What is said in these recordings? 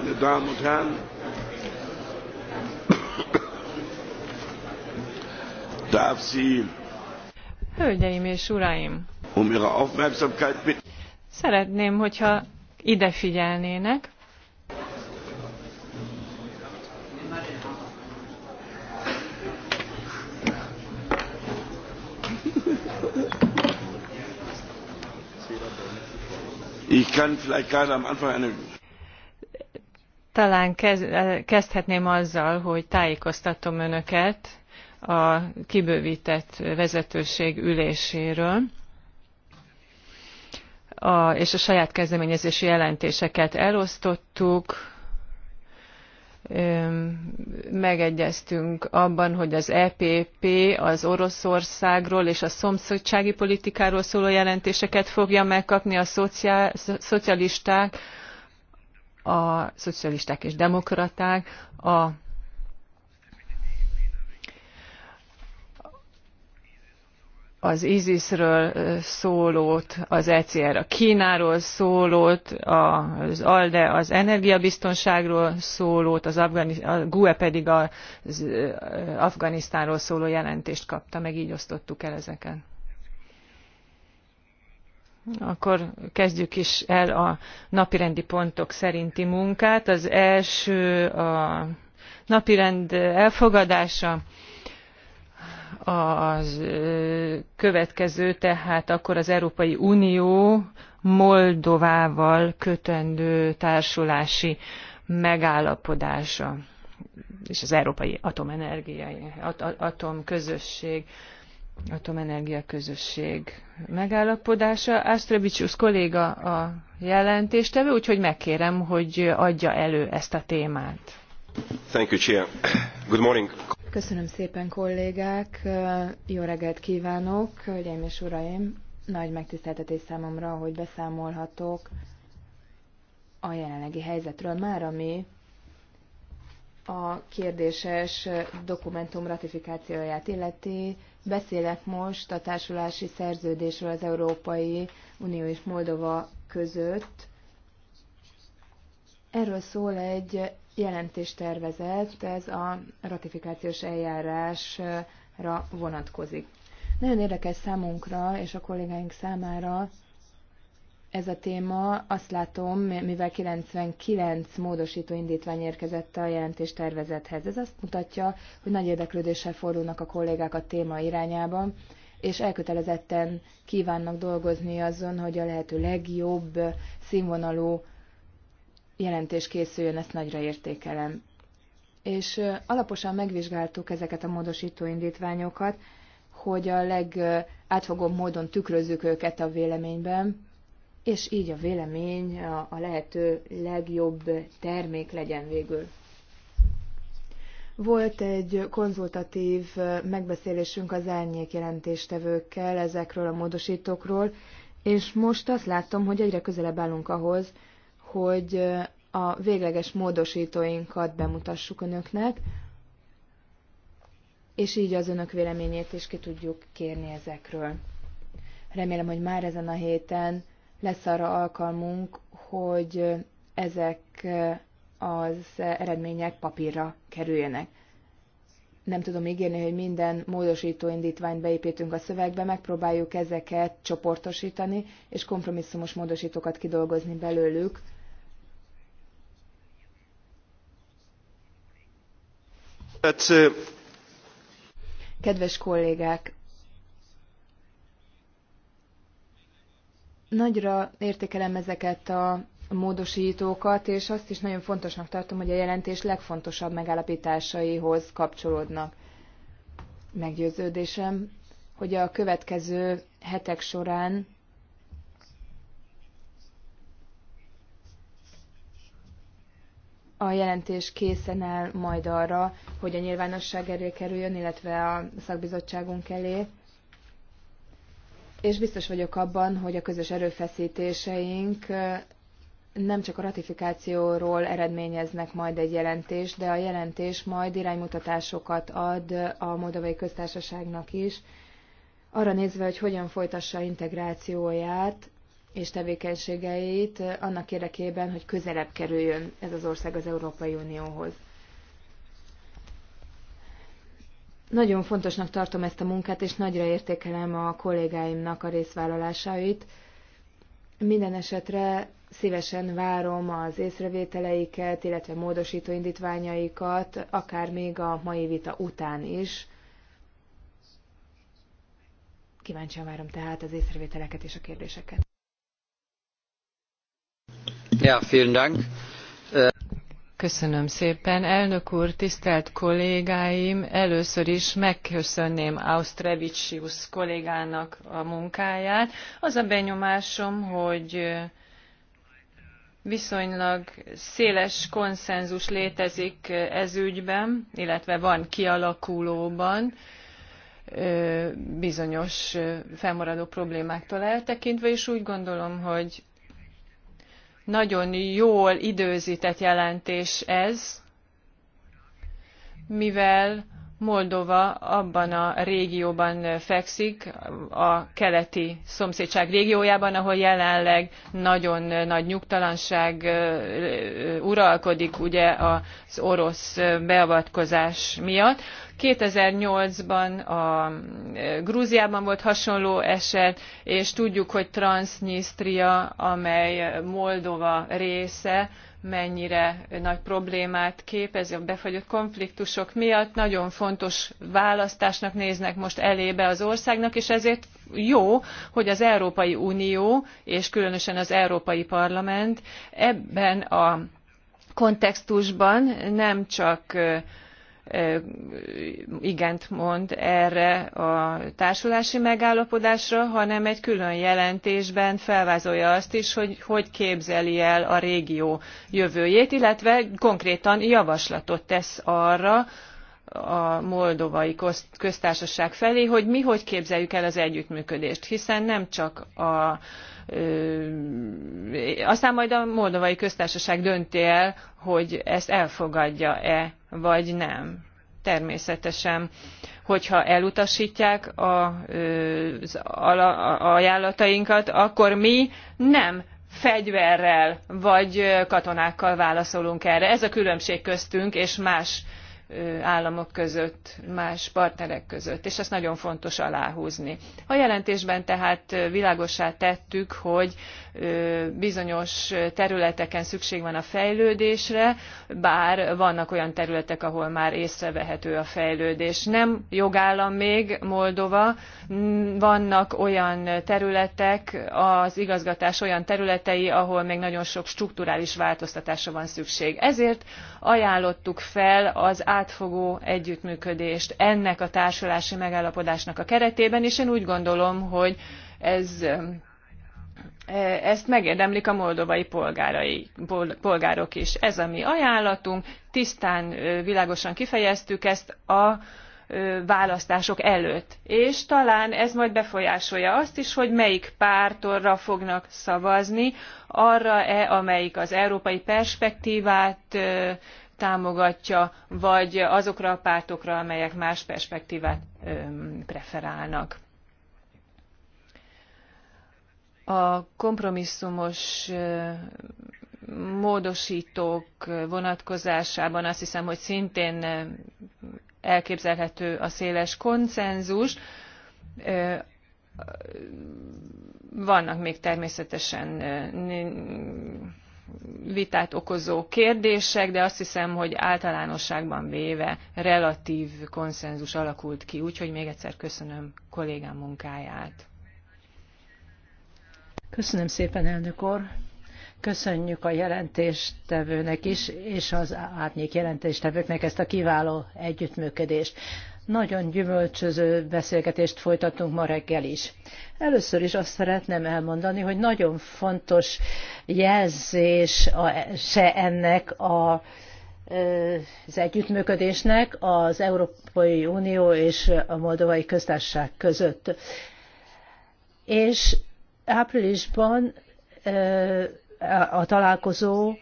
meine Damen und Herren. Darf Sie Hölgyeim és Uraim! Um Ihre Aufmerksamkeit bitten. Szeretném, hogyha ide figyelnének. Ich kann vielleicht gerade am Anfang eine talán eh, kezdhetném azzal, hogy tájékoztatom önöket a kibővített vezetőség üléséről a, és a saját kezdeményezési jelentéseket elosztottuk. Megegyeztünk abban, hogy az EPP az Oroszországról és a szomszédsági politikáról szóló jelentéseket fogja megkapni a szociál, szocialisták, a szocialisták és demokraták a az ISIS-ről szólót, az ECR a Kínáról szólót, az ALDE az energiabiztonságról szólót, az Afgani- a GUE pedig az Afganisztánról szóló jelentést kapta, meg így osztottuk el ezeket. Akkor kezdjük is el a napirendi pontok szerinti munkát. Az első a napirend elfogadása, az következő tehát akkor az Európai Unió Moldovával kötendő társulási megállapodása és az Európai Atomenergiai Atomközösség atomenergia közösség megállapodása. Astrebicius kolléga a jelentéstevő, úgyhogy megkérem, hogy adja elő ezt a témát. Thank you, Chia. Good morning. Köszönöm szépen, kollégák. Jó reggelt kívánok, hölgyeim és uraim. Nagy megtiszteltetés számomra, hogy beszámolhatok a jelenlegi helyzetről már, ami a kérdéses dokumentum ratifikációját illeti Beszélek most a társulási szerződésről az Európai Unió és Moldova között. Erről szól egy jelentéstervezet, ez a ratifikációs eljárásra vonatkozik. Nagyon érdekes számunkra és a kollégáink számára ez a téma, azt látom, mivel 99 módosító indítvány érkezett a jelentés tervezethez. Ez azt mutatja, hogy nagy érdeklődéssel fordulnak a kollégák a téma irányában, és elkötelezetten kívánnak dolgozni azon, hogy a lehető legjobb színvonalú jelentés készüljön, ezt nagyra értékelem. És alaposan megvizsgáltuk ezeket a módosító indítványokat, hogy a legátfogóbb módon tükrözzük őket a véleményben, és így a vélemény a lehető legjobb termék legyen végül. Volt egy konzultatív megbeszélésünk az árnyék jelentéstevőkkel ezekről a módosítókról, és most azt látom, hogy egyre közelebb állunk ahhoz, hogy a végleges módosítóinkat bemutassuk önöknek, és így az önök véleményét is ki tudjuk kérni ezekről. Remélem, hogy már ezen a héten lesz arra alkalmunk, hogy ezek az eredmények papírra kerüljenek. Nem tudom ígérni, hogy minden módosító indítványt beépítünk a szövegbe, megpróbáljuk ezeket csoportosítani, és kompromisszumos módosítókat kidolgozni belőlük, Kedves kollégák, Nagyra értékelem ezeket a módosítókat, és azt is nagyon fontosnak tartom, hogy a jelentés legfontosabb megállapításaihoz kapcsolódnak. Meggyőződésem, hogy a következő hetek során a jelentés készen áll majd arra, hogy a nyilvánosság elé kerüljön, illetve a szakbizottságunk elé és biztos vagyok abban, hogy a közös erőfeszítéseink nem csak a ratifikációról eredményeznek majd egy jelentést, de a jelentés majd iránymutatásokat ad a Moldovai Köztársaságnak is, arra nézve, hogy hogyan folytassa integrációját és tevékenységeit annak érdekében, hogy közelebb kerüljön ez az ország az Európai Unióhoz. Nagyon fontosnak tartom ezt a munkát, és nagyra értékelem a kollégáimnak a részvállalásait. Minden esetre szívesen várom az észrevételeiket, illetve módosító indítványaikat, akár még a mai vita után is. Kíváncsian várom tehát az észrevételeket és a kérdéseket. Ja, vielen Dank. Köszönöm szépen. Elnök úr, tisztelt kollégáim, először is megköszönném Austrevicius kollégának a munkáját. Az a benyomásom, hogy viszonylag széles konszenzus létezik ez ügyben, illetve van kialakulóban bizonyos felmaradó problémáktól eltekintve, és úgy gondolom, hogy nagyon jól időzített jelentés ez, mivel Moldova abban a régióban fekszik, a keleti szomszédság régiójában, ahol jelenleg nagyon nagy nyugtalanság uralkodik ugye az orosz beavatkozás miatt. 2008-ban a Grúziában volt hasonló eset, és tudjuk, hogy Transnistria, amely Moldova része, mennyire nagy problémát képez a befagyott konfliktusok miatt. Nagyon fontos választásnak néznek most elébe az országnak, és ezért jó, hogy az Európai Unió, és különösen az Európai Parlament ebben a kontextusban nem csak igent mond erre a társulási megállapodásra, hanem egy külön jelentésben felvázolja azt is, hogy hogy képzeli el a régió jövőjét, illetve konkrétan javaslatot tesz arra, a moldovai köztársaság felé, hogy mi hogy képzeljük el az együttműködést, hiszen nem csak a aztán majd a moldovai köztársaság dönti el, hogy ezt elfogadja-e vagy nem. Természetesen, hogyha elutasítják az ajánlatainkat, akkor mi nem fegyverrel vagy katonákkal válaszolunk erre. Ez a különbség köztünk és más államok között, más partnerek között, és ezt nagyon fontos aláhúzni. A jelentésben tehát világosá tettük, hogy bizonyos területeken szükség van a fejlődésre, bár vannak olyan területek, ahol már észrevehető a fejlődés. Nem jogállam még Moldova, vannak olyan területek, az igazgatás olyan területei, ahol még nagyon sok strukturális változtatásra van szükség. Ezért ajánlottuk fel az átfogó együttműködést ennek a társulási megállapodásnak a keretében, és én úgy gondolom, hogy eh, ezt megérdemlik a moldovai polgárai, polgárok is. Ez a mi ajánlatunk, tisztán, eh, világosan kifejeztük ezt a eh, választások előtt. És talán ez majd befolyásolja azt is, hogy melyik pártorra fognak szavazni, arra-e, amelyik az európai perspektívát támogatja, vagy azokra a pártokra, amelyek más perspektívát preferálnak. A kompromisszumos módosítók vonatkozásában azt hiszem, hogy szintén elképzelhető a széles konszenzus. Vannak még természetesen vitát okozó kérdések, de azt hiszem, hogy általánosságban véve relatív konszenzus alakult ki, úgyhogy még egyszer köszönöm kollégám munkáját. Köszönöm szépen, elnök úr! Köszönjük a jelentéstevőnek is, és az árnyék jelentéstevőknek ezt a kiváló együttműködést. Nagyon gyümölcsöző beszélgetést folytatunk ma reggel is. Először is azt szeretném elmondani, hogy nagyon fontos jelzés a, se ennek a az együttműködésnek az Európai Unió és a Moldovai Köztársaság között. És áprilisban a találkozó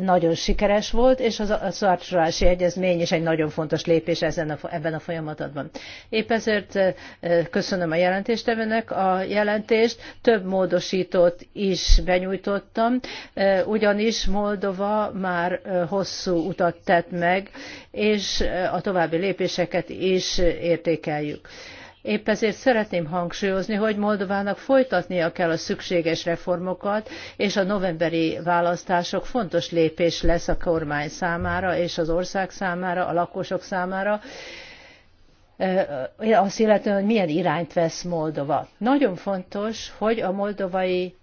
nagyon sikeres volt, és a szarcsolási egyezmény is egy nagyon fontos lépés ezen a, ebben a folyamatban. Épp ezért köszönöm a jelentéstevőnek a jelentést, több módosítót is benyújtottam, ugyanis Moldova már hosszú utat tett meg, és a további lépéseket is értékeljük. Épp ezért szeretném hangsúlyozni, hogy Moldovának folytatnia kell a szükséges reformokat, és a novemberi választások fontos lépés lesz a kormány számára és az ország számára, a lakosok számára, eh, azt illetően, hogy milyen irányt vesz Moldova. Nagyon fontos, hogy a moldovai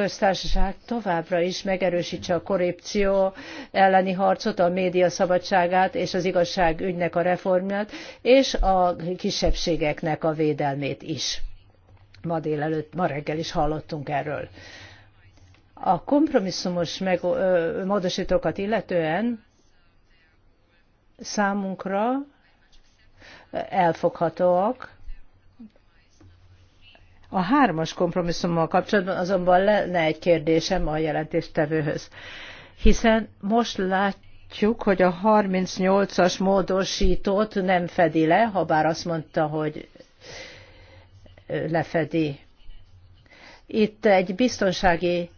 köztársaság továbbra is megerőstse a korrupció elleni harcot, a média szabadságát és az igazságügynek a reformját, és a kisebbségeknek a védelmét is. Ma délelőtt, ma reggel is hallottunk erről. A kompromisszumos meg, ö, módosítókat illetően számunkra elfoghatóak, a hármas kompromisszummal kapcsolatban azonban lenne egy kérdésem a jelentéstevőhöz, hiszen most látjuk, hogy a 38-as módosítót nem fedi le, ha bár azt mondta, hogy lefedi. Itt egy biztonsági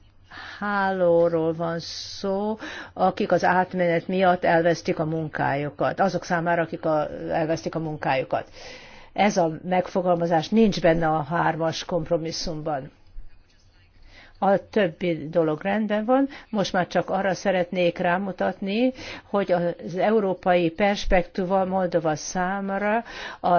hálóról van szó, akik az átmenet miatt elvesztik a munkájukat, azok számára, akik a, elvesztik a munkájukat. Ez a megfogalmazás nincs benne a hármas kompromisszumban. A többi dolog rendben van. Most már csak arra szeretnék rámutatni, hogy az európai perspektíva Moldova számára a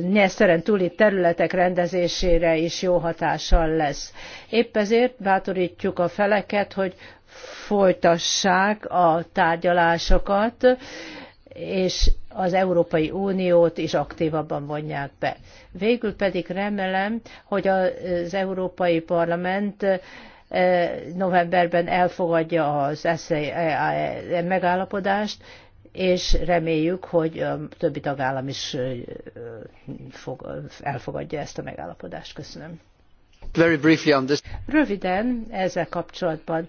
Nyeszteren e, túli területek rendezésére is jó hatással lesz. Épp ezért bátorítjuk a feleket, hogy folytassák a tárgyalásokat, és az Európai Uniót is aktívabban vonják be. Végül pedig remélem, hogy az Európai Parlament eh, novemberben elfogadja az SZAE megállapodást, és reméljük, hogy a többi tagállam is eh, elfogadja ezt a megállapodást. Köszönöm. Röviden ezzel kapcsolatban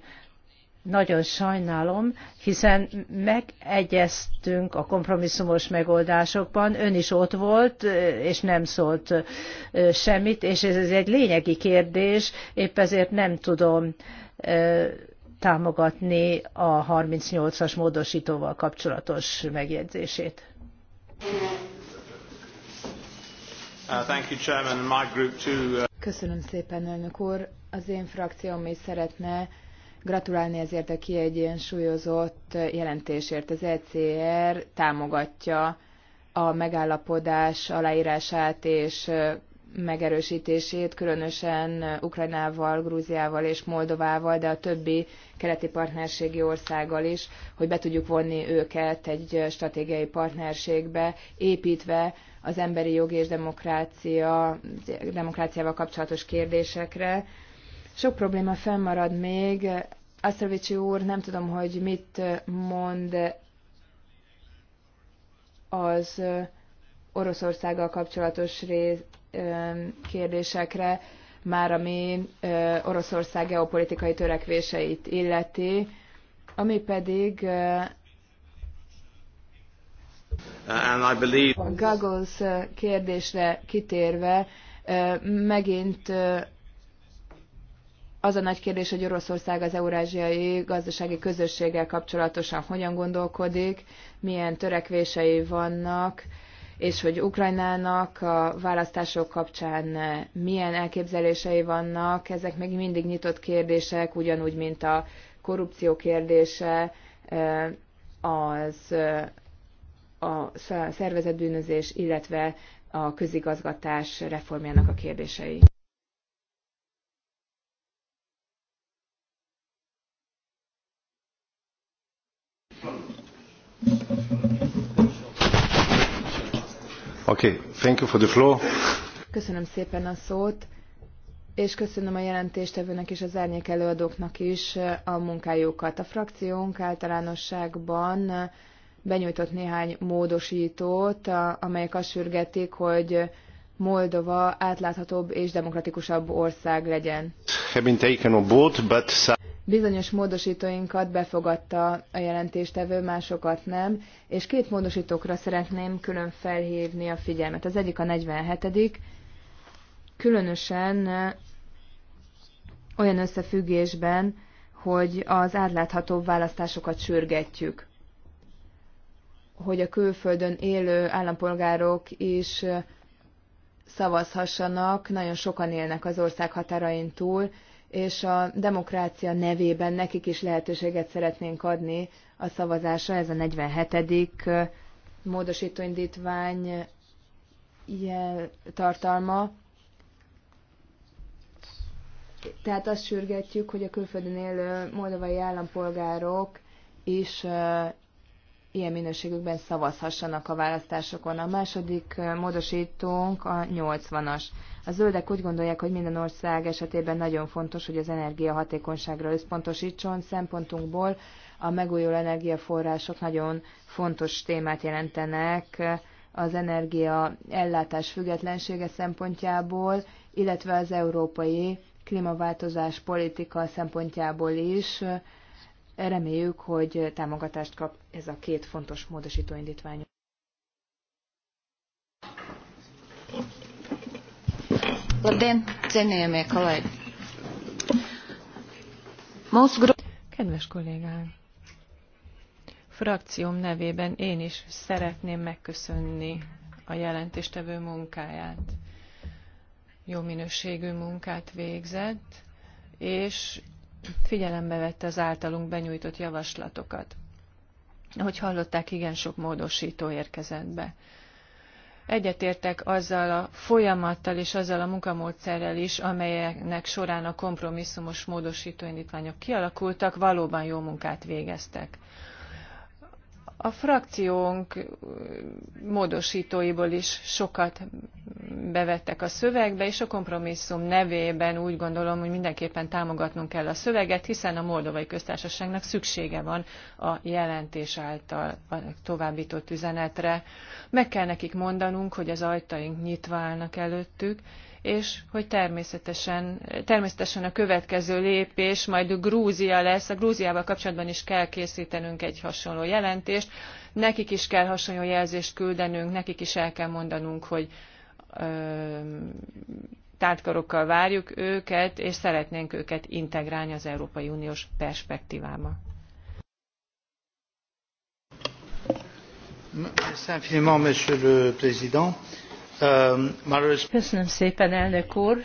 nagyon sajnálom, hiszen megegyeztünk a kompromisszumos megoldásokban, ön is ott volt, és nem szólt semmit, és ez egy lényegi kérdés, épp ezért nem tudom támogatni a 38-as módosítóval kapcsolatos megjegyzését. Uh, uh, Köszönöm szépen, elnök úr. Az én frakcióm is szeretne gratulálni ezért a kiegyensúlyozott jelentésért. Az ECR támogatja a megállapodás aláírását és megerősítését, különösen Ukrajnával, Grúziával és Moldovával, de a többi keleti partnerségi országgal is, hogy be tudjuk vonni őket egy stratégiai partnerségbe, építve az emberi jogi és demokrácia, demokráciával kapcsolatos kérdésekre, sok probléma fennmarad még. Asztravicsi úr, nem tudom, hogy mit mond az Oroszországgal kapcsolatos rész, kérdésekre, már ami Oroszország geopolitikai törekvéseit illeti, ami pedig a Goggles kérdésre kitérve megint az a nagy kérdés, hogy Oroszország az eurázsiai gazdasági közösséggel kapcsolatosan hogyan gondolkodik, milyen törekvései vannak, és hogy Ukrajnának a választások kapcsán milyen elképzelései vannak, ezek még mindig nyitott kérdések, ugyanúgy, mint a korrupció kérdése, eh, az eh, a szervezetbűnözés, illetve a közigazgatás reformjának a kérdései. Okay, thank you for the floor. Köszönöm szépen a szót, és köszönöm a jelentéstevőnek és az árnyék előadóknak is a munkájukat. A frakciónk általánosságban benyújtott néhány módosítót, amelyek azt sürgetik, hogy Moldova átláthatóbb és demokratikusabb ország legyen. Bizonyos módosítóinkat befogadta a jelentéstevő, másokat nem, és két módosítókra szeretném külön felhívni a figyelmet. Az egyik a 47 különösen olyan összefüggésben, hogy az átláthatóbb választásokat sürgetjük hogy a külföldön élő állampolgárok is szavazhassanak. Nagyon sokan élnek az ország határain túl, és a demokrácia nevében nekik is lehetőséget szeretnénk adni a szavazásra. Ez a 47. módosítóindítvány ilyen tartalma. Tehát azt sürgetjük, hogy a külföldön élő moldovai állampolgárok is ilyen minőségükben szavazhassanak a választásokon. A második módosítónk a 80-as. A zöldek úgy gondolják, hogy minden ország esetében nagyon fontos, hogy az energiahatékonyságra összpontosítson. Szempontunkból a megújuló energiaforrások nagyon fontos témát jelentenek az energia ellátás függetlensége szempontjából, illetve az európai klímaváltozás politika szempontjából is. Reméljük, hogy támogatást kap ez a két fontos Thank indítvány. Labdien, cienījamie kolēģi! Mūsu Kedves kollégám! Frakcióm nevében én is szeretném megköszönni a jelentéstevő munkáját. Jó minőségű munkát végzett, és figyelembe vette az általunk benyújtott javaslatokat. Ahogy hallották, igen sok módosító érkezett be. Egyetértek azzal a folyamattal és azzal a munkamódszerrel is, amelyeknek során a kompromisszumos módostó indítványok kialakultak, valóban jó munkát végeztek. A frakciónk módosítóiból is sokat bevettek a szövegbe, és a kompromisszum nevében úgy gondolom, hogy mindenképpen támogatnunk kell a szöveget, hiszen a Moldovai Köztársaságnak szüksége van a jelentés által a továbbított üzenetre. Meg kell nekik mondanunk, hogy az ajtaink nyitva állnak előttük, és hogy természetesen, természetesen a következő lépés majd Grúzia lesz. A Grúziával kapcsolatban is kell készítenünk egy hasonló jelentést. Nekik is kell hasonló jelzést küldenünk, nekik is el kell mondanunk, hogy ö, tártkarokkal várjuk őket, és szeretnénk őket integrálni az Európai Uniós perspektívába. Merci infiniment, Monsieur le Président. Um, Köszönöm szépen, elnök úr.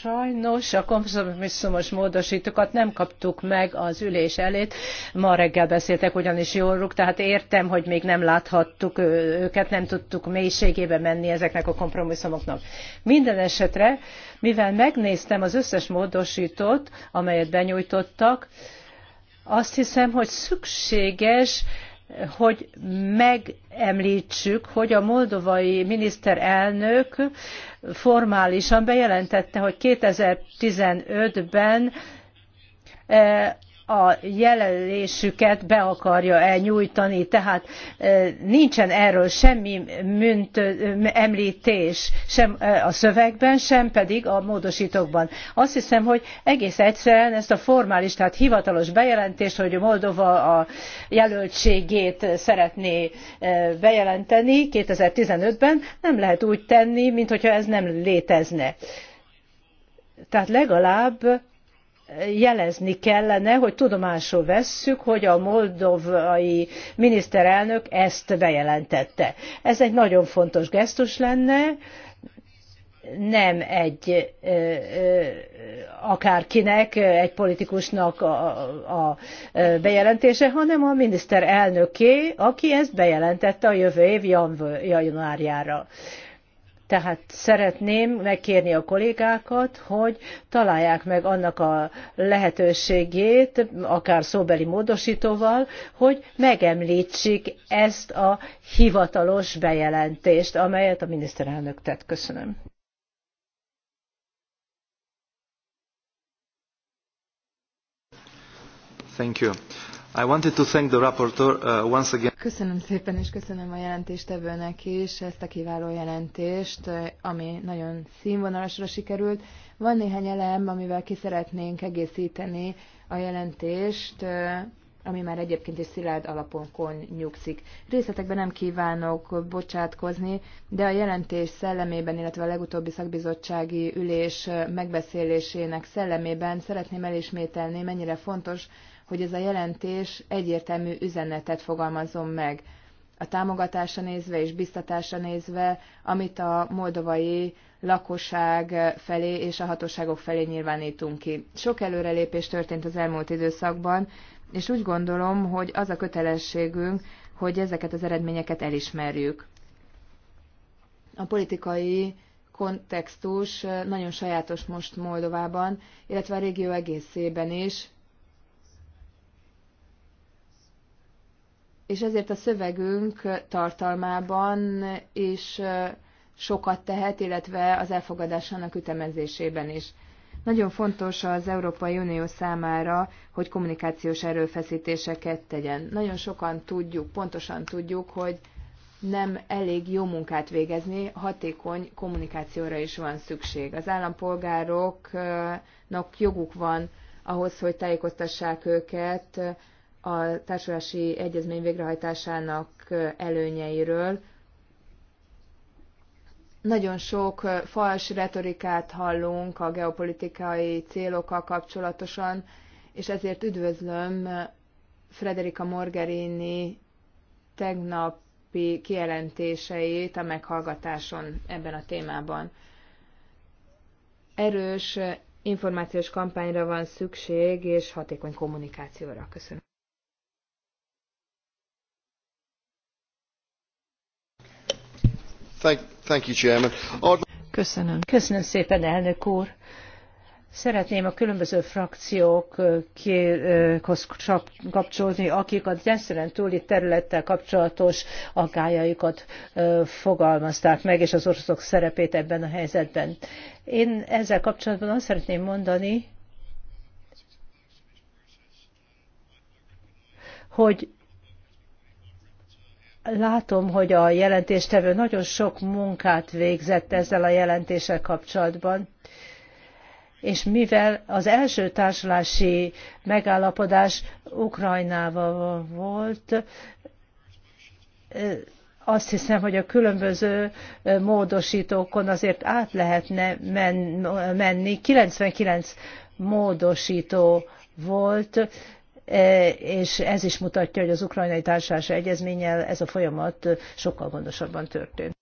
Sajnos a kompromisszumos módosítókat nem kaptuk meg az ülés előtt. Ma reggel beszéltek ugyanis jóluk, tehát értem, hogy még nem láthattuk őket, nem tudtuk mélységébe menni ezeknek a kompromisszumoknak. Minden esetre, mivel megnéztem az összes módosítót, amelyet benyújtottak, azt hiszem, hogy szükséges hogy megemlítsük, hogy a moldovai miniszterelnök formálisan bejelentette, hogy 2015-ben a jelölésüket be akarja elnyújtani, tehát nincsen erről semmi münt, említés sem a szövegben, sem pedig a módosítókban. Azt hiszem, hogy egész egyszerűen ezt a formális, tehát hivatalos bejelentést, hogy Moldova a jelöltségét szeretné bejelenteni 2015-ben, nem lehet úgy tenni, mintha ez nem létezne. Tehát legalább jelezni kellene, hogy tudomásul vesszük, hogy a moldovai miniszterelnök ezt bejelentette. Ez egy nagyon fontos gesztus lenne, nem egy akárkinek, egy politikusnak a, a bejelentése, hanem a miniszterelnöké, aki ezt bejelentette a jövő év januárjára. Tehát szeretném megkérni a kollégákat, hogy találják meg annak a lehetőségét, akár szóbeli módosítóval, hogy megemlítsék ezt a hivatalos bejelentést, amelyet a miniszterelnök tett. Köszönöm. Thank you. I wanted to thank the rapporteur uh, once again. Köszönöm szépen, és köszönöm a jelentéstevőnek is ezt a kiváló jelentést, ami nagyon színvonalasra sikerült. Van néhány elem, amivel ki szeretnénk egészíteni a jelentést, ami már egyébként is szilárd alapon nyugszik. Részletekben nem kívánok bocsátkozni, de a jelentés szellemében, illetve a legutóbbi szakbizottsági ülés megbeszélésének szellemében szeretném elismételni, mennyire fontos, hogy ez a jelentés egyértelmű üzenetet fogalmazom meg. A támogatása nézve és biztatása nézve, amit a moldovai lakosság felé és a hatóságok felé nyilvánítunk ki. Sok előrelépés történt az elmúlt időszakban, és úgy gondolom, hogy az a kötelességünk, hogy ezeket az eredményeket elismerjük. A politikai kontextus nagyon sajátos most Moldovában, illetve a régió egészében is, és ezért a szövegünk tartalmában is sokat tehet, illetve az elfogadásának ütemezésében is. Nagyon fontos az Európai Unió számára, hogy kommunikációs erőfeszítéseket tegyen. Nagyon sokan tudjuk, pontosan tudjuk, hogy nem elég jó munkát végezni, hatékony kommunikációra is van szükség. Az állampolgároknak joguk van ahhoz, hogy tájékoztassák őket a társulási egyezmény végrehajtásának előnyeiről. Nagyon sok fals retorikát hallunk a geopolitikai célokkal kapcsolatosan, és ezért üdvözlöm Frederica Morgerini tegnapi kijelentéseit a meghallgatáson ebben a témában. Erős információs kampányra van szükség, és hatékony kommunikációra. Köszönöm. Köszönöm. Köszönöm szépen, elnök úr. Szeretném a különböző frakciókhoz kapcsolódni, akik a Deszeren túli területtel kapcsolatos aggájaikat fogalmazták meg, és az oroszok szerepét ebben a helyzetben. Én ezzel kapcsolatban azt szeretném mondani, hogy Látom, hogy a jelentéstevő nagyon sok munkát végzett ezzel a jelentéssel kapcsolatban, és mivel az első társulási megállapodás Ukrajnával volt, azt hiszem, hogy a különböző módosítókon azért át lehetne menni. 99 módosító volt, E, és ez is mutatja, hogy az ukrajnai társadalmi egyezménnyel ez a folyamat sokkal gondosabban történt.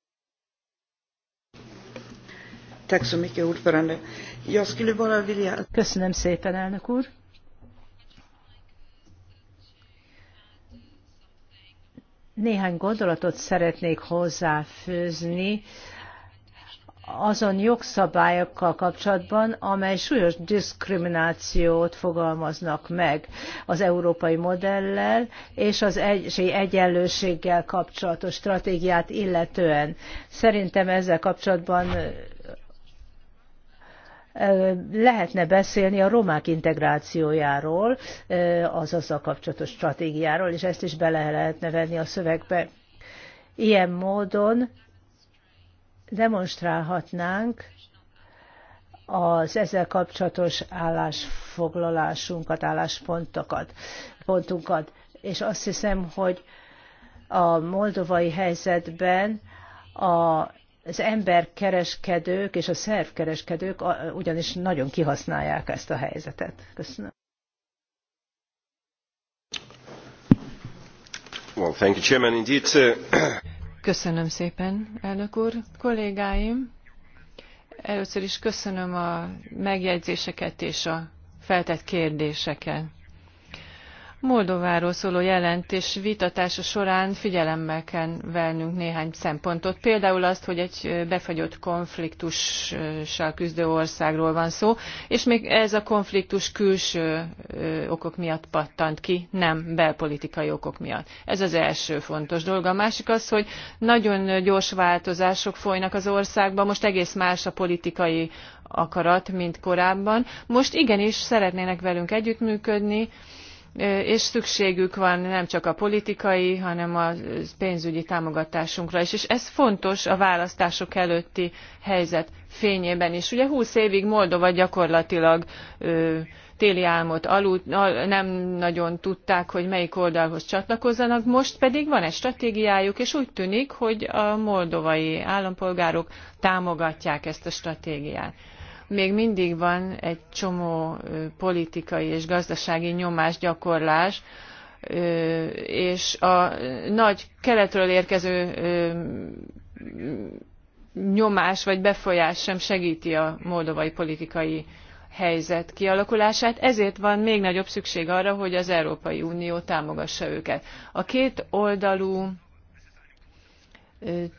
Köszönöm szépen, elnök úr. Néhány gondolatot szeretnék hozzáfőzni azon jogszabályokkal kapcsolatban, amely súlyos diszkriminációt fogalmaznak meg az európai modellel és az esély egyenlőséggel kapcsolatos stratégiát illetően. Szerintem ezzel kapcsolatban lehetne beszélni a romák integrációjáról, azaz a kapcsolatos stratégiáról, és ezt is bele lehetne venni a szövegbe. Ilyen módon demonstrálhatnánk az ezzel kapcsolatos állásfoglalásunkat, álláspontokat, pontunkat. És azt hiszem, hogy a moldovai helyzetben a az emberkereskedők és a szervkereskedők ugyanis nagyon kihasználják ezt a helyzetet. Köszönöm. Well, thank you, Chairman. Indeed, uh, Köszönöm szépen, elnök úr. Kollégáim, először is köszönöm a megjegyzéseket és a feltett kérdéseket. Moldováról szóló jelentés vitatása során figyelemmel kell vennünk néhány szempontot. Például azt, hogy egy befagyott konfliktussal küzdő országról van szó, és még ez a konfliktus külső okok miatt pattant ki, nem belpolitikai okok miatt. Ez az első fontos dolga. A másik az, hogy nagyon gyors változások folynak az országban, most egész más a politikai akarat, mint korábban. Most igenis szeretnének velünk együttműködni, és szükségük van nem csak a politikai, hanem a pénzügyi támogatásunkra is. És ez fontos a választások előtti helyzet fényében is. Ugye húsz évig Moldova gyakorlatilag ö, téli álmot aludt, nem nagyon tudták, hogy melyik oldalhoz csatlakozzanak, most pedig van egy stratégiájuk, és úgy tűnik, hogy a moldovai állampolgárok támogatják ezt a stratégiát még mindig van egy csomó politikai és gazdasági nyomásgyakorlás, és a nagy keletről érkező nyomás vagy befolyás sem segíti a moldovai politikai helyzet kialakulását, ezért van még nagyobb szükség arra, hogy az Európai Unió támogassa őket. A két oldalú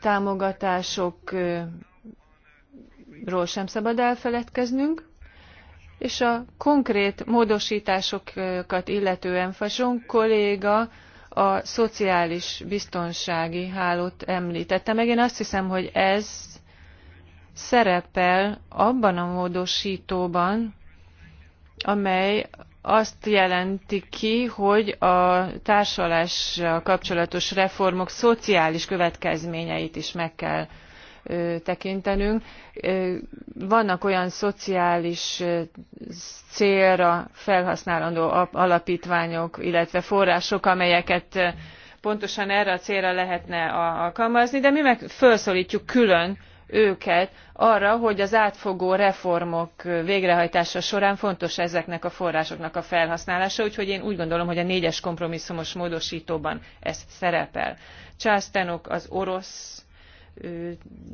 támogatások ról sem szabad elfeledkeznünk, és a konkrét módosításokat illetően Fason kolléga a szociális biztonsági hálót említette meg. Én azt hiszem, hogy ez szerepel abban a módosítóban, amely azt jelenti ki, hogy a társalás kapcsolatos reformok szociális következményeit is meg kell tekintenünk. Vannak olyan szociális célra felhasználandó alapítványok, illetve források, amelyeket pontosan erre a célra lehetne alkalmazni, de mi meg felszólítjuk külön őket arra, hogy az átfogó reformok végrehajtása során fontos ezeknek a forrásoknak a felhasználása, úgyhogy én úgy gondolom, hogy a négyes kompromisszumos módosítóban ez szerepel. Császtenok az orosz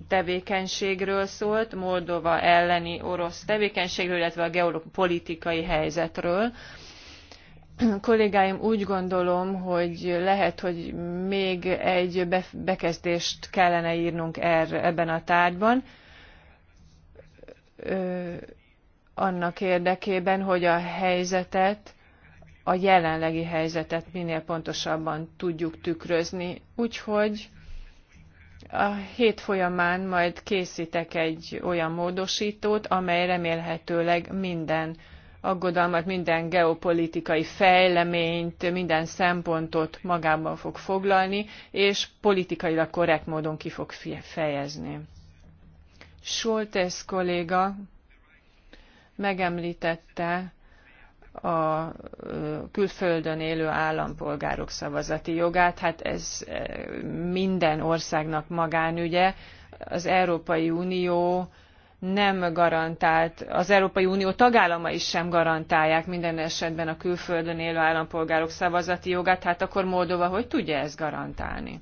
tevékenységről szólt, Moldova elleni orosz tevékenységről, illetve a geopolitikai helyzetről. Kollégáim, úgy gondolom, hogy lehet, hogy még egy bekezdést kellene írnunk erre, ebben a tárgyban, annak érdekében, hogy a helyzetet a jelenlegi helyzetet minél pontosabban tudjuk tükrözni. Úgyhogy a hét folyamán majd készítek egy olyan módosítót, amely remélhetőleg minden aggodalmat, minden geopolitikai fejleményt, minden szempontot magában fog foglalni, és politikailag korrekt módon ki fog fejezni. Soltes kolléga megemlítette a külföldön élő állampolgárok szavazati jogát. Hát ez minden országnak magánügye. Az Európai Unió nem garantált, az Európai Unió tagállamai sem garantálják minden esetben a külföldön élő állampolgárok szavazati jogát, hát akkor Moldova hogy tudja ezt garantálni?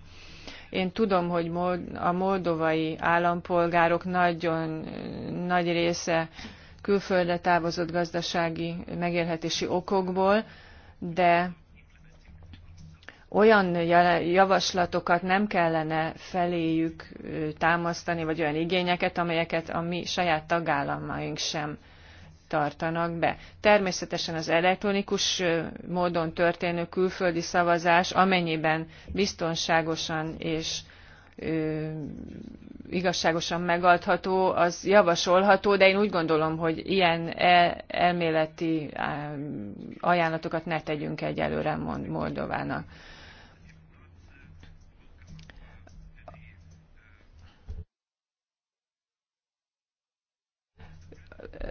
Én tudom, hogy a moldovai állampolgárok nagyon nagy része külföldre távozott gazdasági megélhetési okokból, de olyan javaslatokat nem kellene feléjük támasztani, vagy olyan igényeket, amelyeket a mi saját tagállamaink sem tartanak be. Természetesen az elektronikus módon történő külföldi szavazás, amennyiben biztonságosan és igazságosan megadható, az javasolható, de én úgy gondolom, hogy ilyen el, elméleti ajánlatokat ne tegyünk egyelőre Moldovának.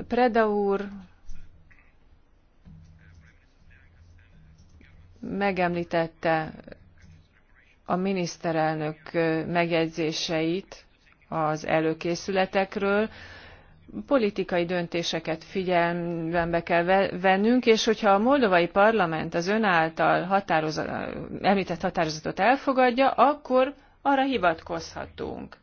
Preda úr megemlítette a miniszterelnök megjegyzéseit, az előkészületekről, politikai döntéseket figyelembe kell vennünk, és hogyha a moldovai parlament az ön által határozat, említett határozatot elfogadja, akkor arra hivatkozhatunk.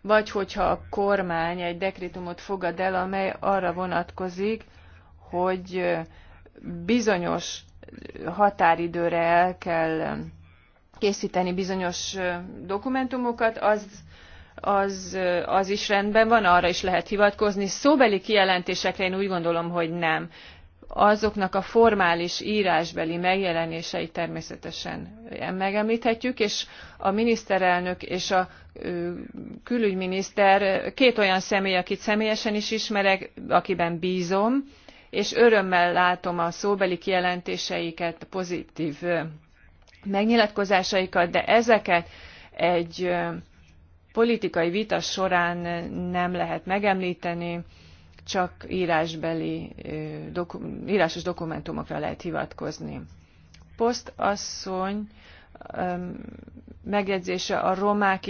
Vagy hogyha a kormány egy dekrétumot fogad el, amely arra vonatkozik, hogy bizonyos határidőre el kell készíteni bizonyos dokumentumokat, az az, az is rendben van, arra is lehet hivatkozni. Szóbeli kijelentésekre én úgy gondolom, hogy nem. Azoknak a formális írásbeli megjelenései természetesen megemlíthetjük, és a miniszterelnök és a külügyminiszter két olyan személy, akit személyesen is ismerek, akiben bízom, és örömmel látom a szóbeli kijelentéseiket, pozitív megnyilatkozásaikat, de ezeket egy politikai vita során nem lehet megemlíteni, csak írásbeli, doku, írásos dokumentumokra lehet hivatkozni. Poszt asszony megjegyzése a romák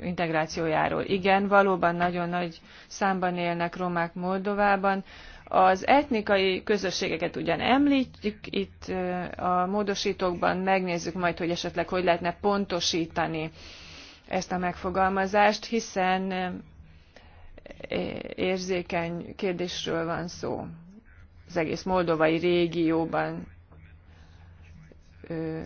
integrációjáról. Igen, valóban nagyon nagy számban élnek romák Moldovában. Az etnikai közösségeket ugyan említjük itt a módosítókban, megnézzük majd, hogy esetleg hogy lehetne pontosítani ezt a megfogalmazást, hiszen eh, érzékeny kérdésről van szó. Az egész moldovai régióban eh,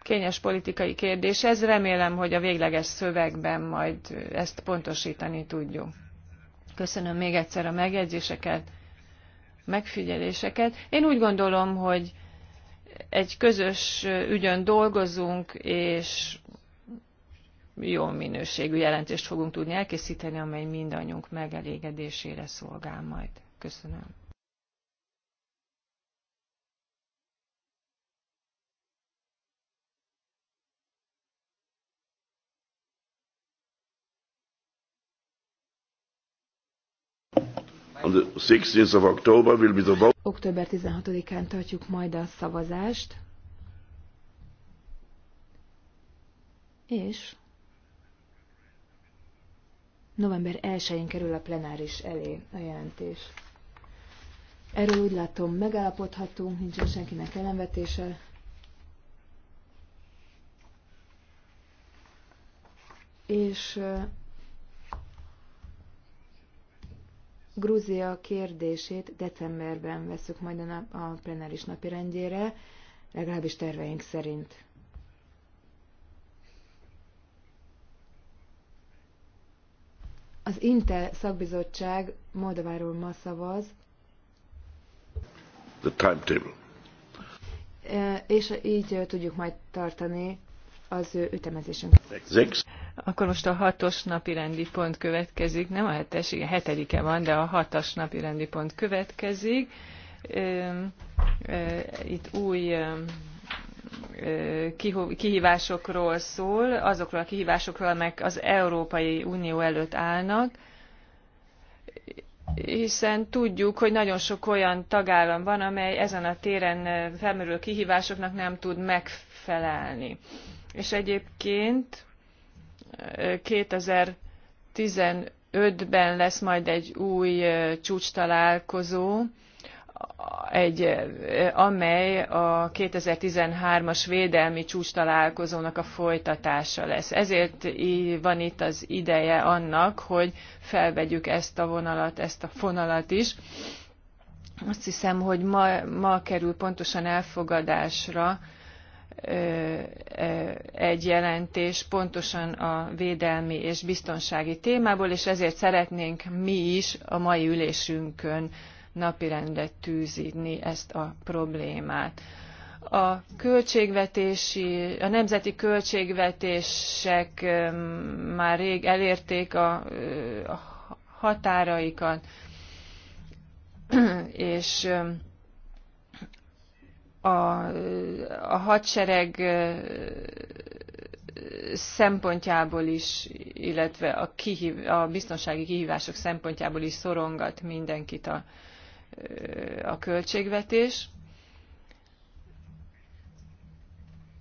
kényes politikai kérdés. Ez remélem, hogy a végleges szövegben majd ezt pontosítani tudjuk. Köszönöm még egyszer a megjegyzéseket, megfigyeléseket. Én úgy gondolom, hogy egy közös ügyön dolgozunk, és jó minőségű jelentést fogunk tudni elkészíteni, amely mindannyiunk megelégedésére szolgál majd. Köszönöm. Október 16-án tartjuk majd a szavazást. És november 1-én kerül a plenáris elé a jelentés. Erről úgy látom megállapodhatunk, nincsen senkinek ellenvetése. És Grúzia kérdését decemberben veszük majd a, nap, a plenáris napi rendjére, legalábbis terveink szerint. Az INTE szakbizottság Moldaváról ma szavaz. The timetable. E, és így tudjuk majd tartani az ütemezésünk. Akkor most a hatos napi rendi pont következik, nem a hetes, igen, hetedike van, de a hatos napi rendi pont következik. Itt új kihívásokról szól, azokról a kihívásokról, amelyek az Európai Unió előtt állnak, hiszen tudjuk, hogy nagyon sok olyan tagállam van, amely ezen a téren felmerülő kihívásoknak nem tud megfelelni. És egyébként 2015-ben lesz majd egy új csúcs találkozó, egy, amely a 2013-as védelmi csúcs találkozónak a folytatása lesz. Ezért van itt az ideje annak, hogy felvegyük ezt a vonalat, ezt a fonalat is. Azt hiszem, hogy ma, ma kerül pontosan elfogadásra egy jelentés pontosan a védelmi és biztonsági témából, és ezért szeretnénk mi is a mai ülésünkön napirendre tűzni ezt a problémát a költségvetési, a nemzeti költségvetések már rég elérték a, a határaikat, és a, a hadsereg szempontjából is, illetve a, kihív, a biztonsági kihívások szempontjából is szorongat mindenkit a, a költségvetés,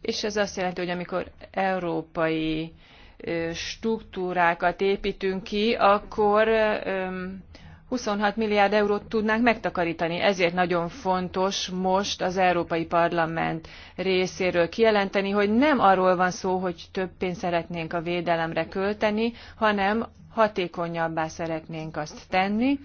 és ez azt jelenti, hogy amikor európai struktúrákat építünk ki, akkor 26 milliárd eurót tudnánk megtakarítani. Ezért nagyon fontos most az Európai Parlament részéről kijelenteni, hogy nem arról van szó, hogy több pénzt szeretnénk a védelemre költeni, hanem hatékonyabbá szeretnénk azt tenni,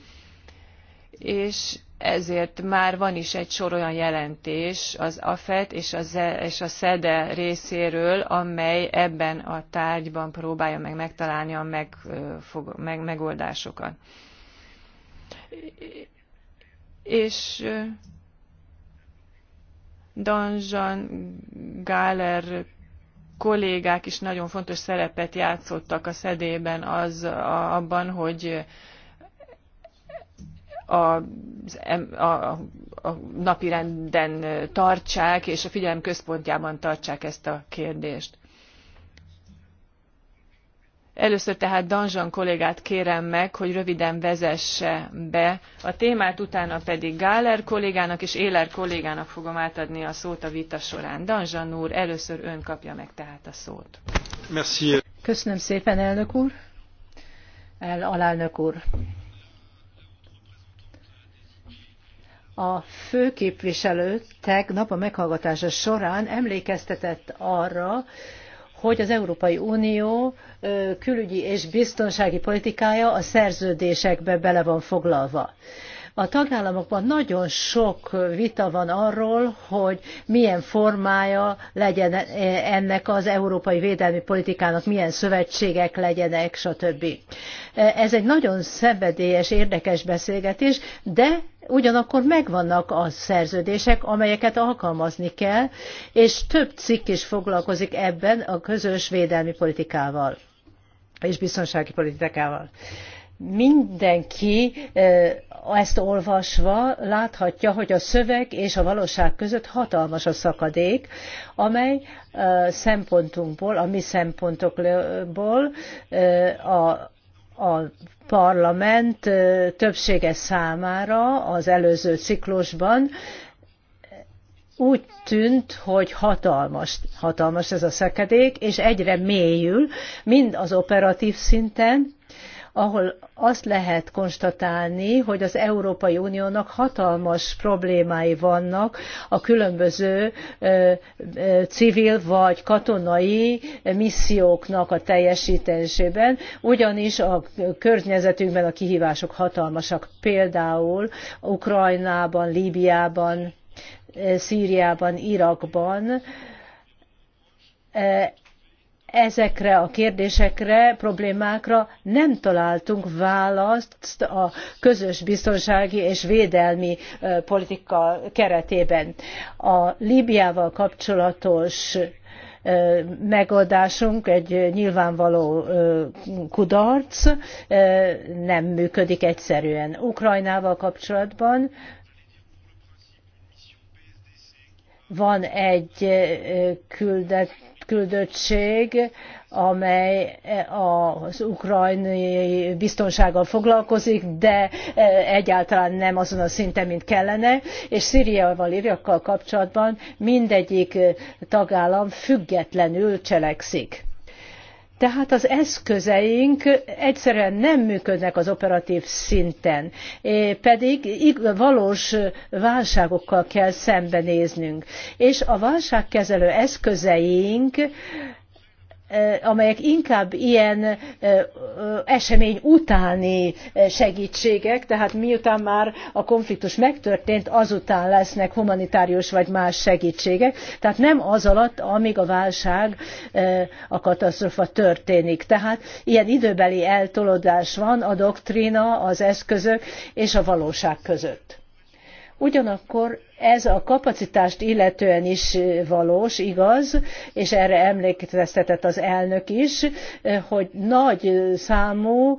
és ezért már van is egy sor olyan jelentés az AFET és a, és a SZEDE részéről, amely ebben a tárgyban próbálja meg megtalálni a megfog, meg, megoldásokat. És Danzsan Gáler kollégák is nagyon fontos szerepet játszottak a szedében az abban, hogy a, a, a napirenden tartsák, és a figyelem központjában tartsák ezt a kérdést. Először tehát Danzsan kollégát kérem meg, hogy röviden vezesse be a témát, utána pedig Gáler kollégának és Éler kollégának fogom átadni a szót a vita során. Danzsan úr, először ön kapja meg tehát a szót. Köszönöm szépen, elnök úr. El, alelnök úr. A főképviselő tegnap a meghallgatása során emlékeztetett arra, hogy az Európai Unió külügyi és biztonsági politikája a szerződésekbe bele van foglalva. A tagállamokban nagyon sok vita van arról, hogy milyen formája legyen e, ennek az európai védelmi politikának, milyen szövetségek legyenek, stb. E, ez egy nagyon szenvedélyes, érdekes beszélgetés, de ugyanakkor megvannak a szerződések, amelyeket alkalmazni kell, és több cikk is foglalkozik ebben a közös védelmi politikával és biztonsági politikával. Mindenki e, ezt olvasva láthatja, hogy a szöveg és a valóság között hatalmas a szakadék, amely e, szempontunkból, a mi szempontokból e, a a parlament többsége számára az előző ciklusban úgy tűnt, hogy hatalmas, hatalmas ez a szakadék, és egyre mélyül, mind az operatív szinten, ahol azt lehet konstatálni, hogy az Európai Uniónak hatalmas problémái vannak a különböző civil vagy katonai misszióknak a teljesítésében, ugyanis a környezetünkben a kihívások hatalmasak, például Ukrajnában, Líbiában, Szíriában, Irakban ezekre a kérdésekre, problémákra nem találtunk választ a közös biztonsági és védelmi politika keretében. A lbiával kapcsolatos megoldásunk egy nyilvánvaló kudarc, nem működik egyszerűen. Ukrajnával kapcsolatban van egy küldet küldöttség, amely az ukrajnai biztonsággal foglalkozik, de e, egyáltalán nem azon a szinten, mint kellene, és Szíriával, Irakkal kapcsolatban mindegyik tagállam függetlenül cselekszik tehát az eszközeink egyszerűen nem működnek az operatív szinten, pedig valós válságokkal kell szembenéznünk. És a válságkezelő eszközeink amelyek inkább ilyen esemény utáni segítségek, tehát miután már a konfliktus megtörtént, azután lesznek humanitárius vagy más segítségek, tehát nem az alatt, amíg a válság, a katasztrofa történik. Tehát ilyen időbeli eltolódás van a doktrína, az eszközök és a valóság között. Ugyanakkor ez a kapacitást illetően is valós, igaz, és erre emlékeztetett az elnök is, hogy nagy számú,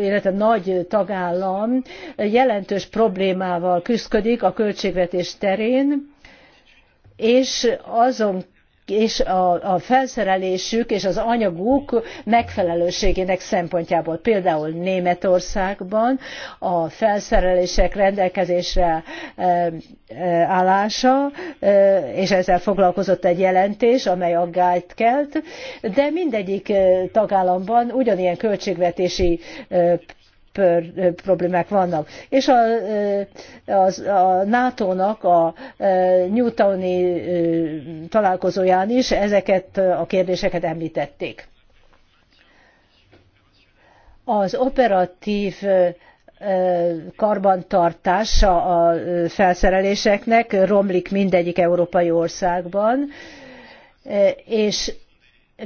illetve nagy tagállam jelentős problémával küzdik a költségvetés terén, és azon és a, a felszerelésük és az anyaguk megfelelőségének szempontjából. Például Németországban a felszerelések rendelkezésre e, e, állása, e, és ezzel foglalkozott egy jelentés, amely aggályt kelt, de mindegyik tagállamban ugyanilyen költségvetési problémák vannak. És a, az, a NATO-nak a Newtoni találkozóján is ezeket a kérdéseket említették. Az operatív karbantartása a felszereléseknek romlik mindegyik európai országban, és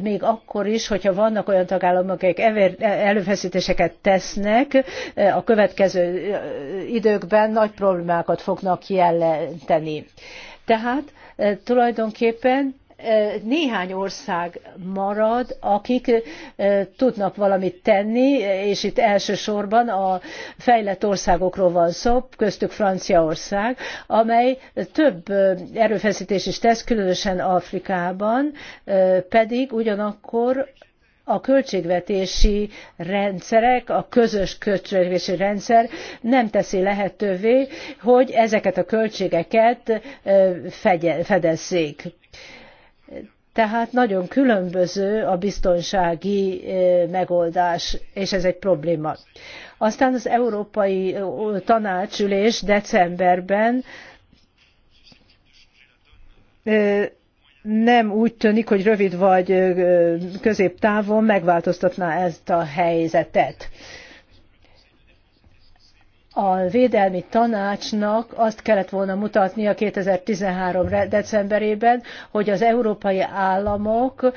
még akkor is, hogyha vannak olyan tagállamok, akik előfeszítéseket tesznek, eh, a következő eh, időkben nagy problémákat fognak jelenteni. Tehát eh, tulajdonképpen néhány ország marad, akik tudnak valamit tenni, és itt elsősorban a fejlett országokról van szó, köztük Franciaország, amely több erőfeszítés is tesz, különösen Afrikában, pedig ugyanakkor a költségvetési rendszerek, a közös költségvetési rendszer nem teszi lehetővé, hogy ezeket a költségeket fedezzék tehát nagyon különböző a biztonsági megoldás, és ez egy probléma. Aztán az Európai Tanácsülés decemberben nem úgy tűnik, hogy rövid vagy középtávon megváltoztatná ezt a helyzetet a védelmi tanácsnak azt kellett volna mutatnia 2013. decemberében, hogy az európai államok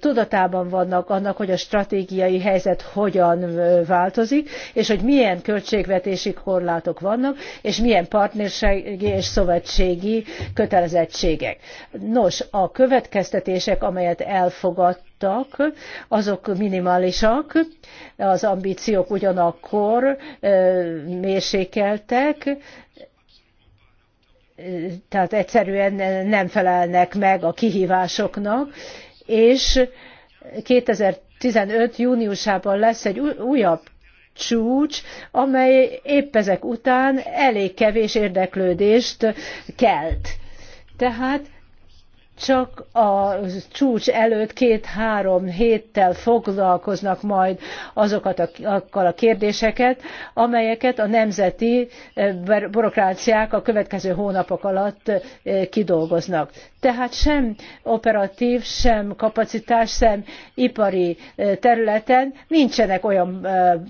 tudatában vannak annak, hogy a stratégiai helyzet hogyan változik, és hogy milyen költségvetési korlátok vannak, és milyen partnerségi és szövetségi kötelezettségek. Nos, a következtetések, amelyet elfogadt adtak, azok minimálisak, az ambíciók ugyanakkor mérsékeltek, tehát egyszerűen nem felelnek meg a kihívásoknak, és 2015. júniusában lesz egy újabb csúcs, amely épp ezek után elég kevés érdeklődést kelt. Tehát csak a csúcs előtt két-három héttel foglalkoznak majd azokat a, akkal a kérdéseket, amelyeket a nemzeti eh, bürokráciák a következő hónapok alatt eh, kidolgoznak. Tehát sem operatív, sem kapacitás, sem ipari területen nincsenek olyan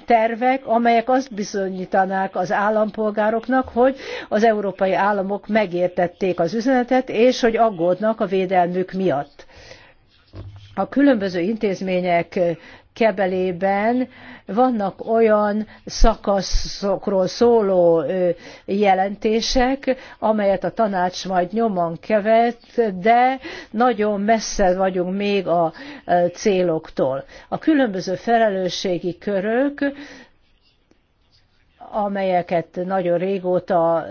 tervek, amelyek azt bizonyítanák az állampolgároknak, hogy az európai államok megértették az üzenetet, és hogy aggódnak a védelmük miatt a különböző intézmények kebelében vannak olyan szakaszokról szóló jelentések, amelyet a tanács majd nyomon kevet, de nagyon messze vagyunk még a céloktól. A különböző felelősségi körök amelyeket nagyon régóta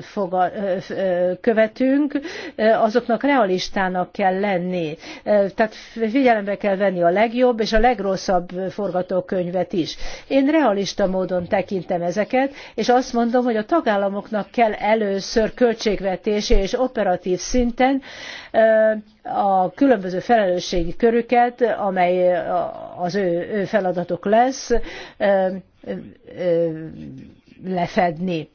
foga, követünk, azoknak realistának kell lenni. Tehát figyelembe kell venni a legjobb és a legrosszabb forgatókönyvet is. Én realista módon tekintem ezeket, és azt mondom, hogy a tagállamoknak kell először költségvetési és operatív szinten a különböző felelősségi körüket, amely az ő, ő lesz, lefedni.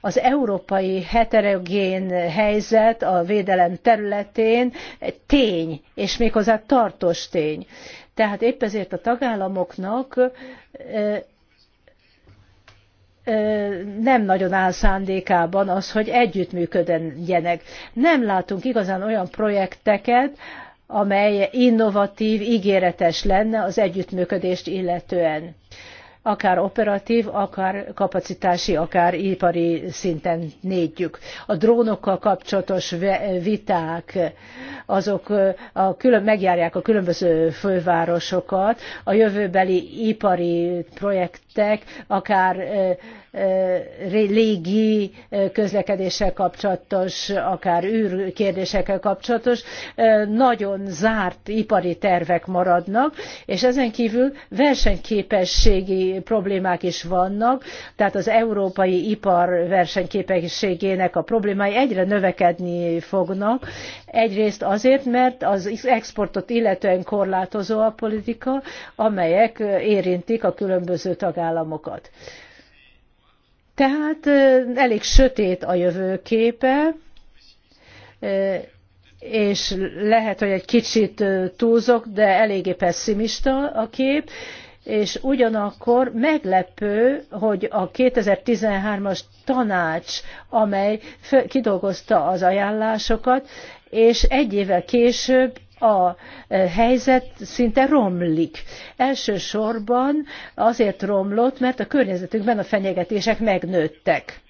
Az európai heterogén helyzet a védelem területén tény, és méghozzá tartós tény. Tehát épp ezért a tagállamoknak nem nagyon áll szándékában az, hogy együttműködjenek. Nem látunk igazán olyan projekteket, amely innovatív, ígéretes lenne az együttműködést illetően akár operatív, akár kapacitási, akár ipari szinten négyük. A drónokkal kapcsolatos viták, azok a külön, megjárják a különböző fővárosokat, a jövőbeli ipari projektek, akár Eh, légi eh, közlekedéssel kapcsolatos, akár űr kérdésekkel kapcsolatos, eh, nagyon zárt ipari tervek maradnak, és ezen kívül versenyképességi problémák is vannak, tehát az európai ipar versenyképességének a problémái egyre növekedni fognak. Egyrészt azért, mert az exportot illetően korlátozó a politika, amelyek érintik a különböző tagállamokat. Tehát elég sötét a jövőképe, és lehet, hogy egy kicsit túlzok, de eléggé pessimista a kép, és ugyanakkor meglepő, hogy a 2013-as tanács, amely kidolgozta az ajánlásokat, és egy évvel később a eh, helyzet szinte romlik. Elsősorban azért romlott, mert a környezetünkben a fenyegetések megnőttek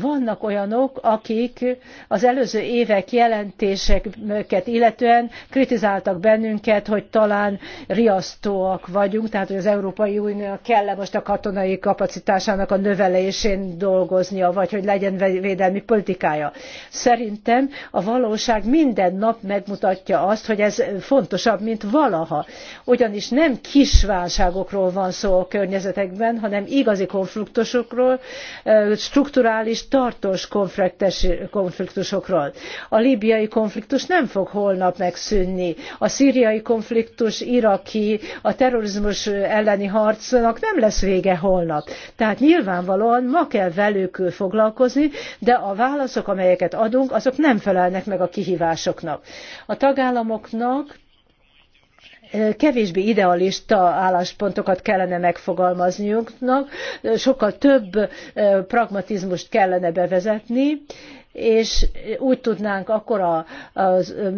vannak olyanok, akik az előző évek jelentéseket illetően kritizáltak bennünket, hogy talán riasztóak vagyunk, tehát hogy az Európai Unió kell most a katonai kapacitásának a növelésén dolgoznia, vagy hogy legyen védelmi politikája. Szerintem a valóság minden nap megmutatja azt, hogy ez fontosabb, mint valaha. Ugyanis nem kis válságokról van szó a környezetekben, hanem igazi konfliktusokról, strukturális tartós konfliktusokról. A líbiai konfliktus nem fog holnap megszűnni. A szíriai konfliktus, iraki, a terrorizmus elleni harcnak nem lesz vége holnap. Tehát nyilvánvalóan ma kell velük foglalkozni, de a válaszok, amelyeket adunk, azok nem felelnek meg a kihívásoknak. A tagállamoknak kevésbé idealista álláspontokat kellene megfogalmazniuknak, sokkal több pragmatizmust kellene bevezetni, és úgy tudnánk akkor a, a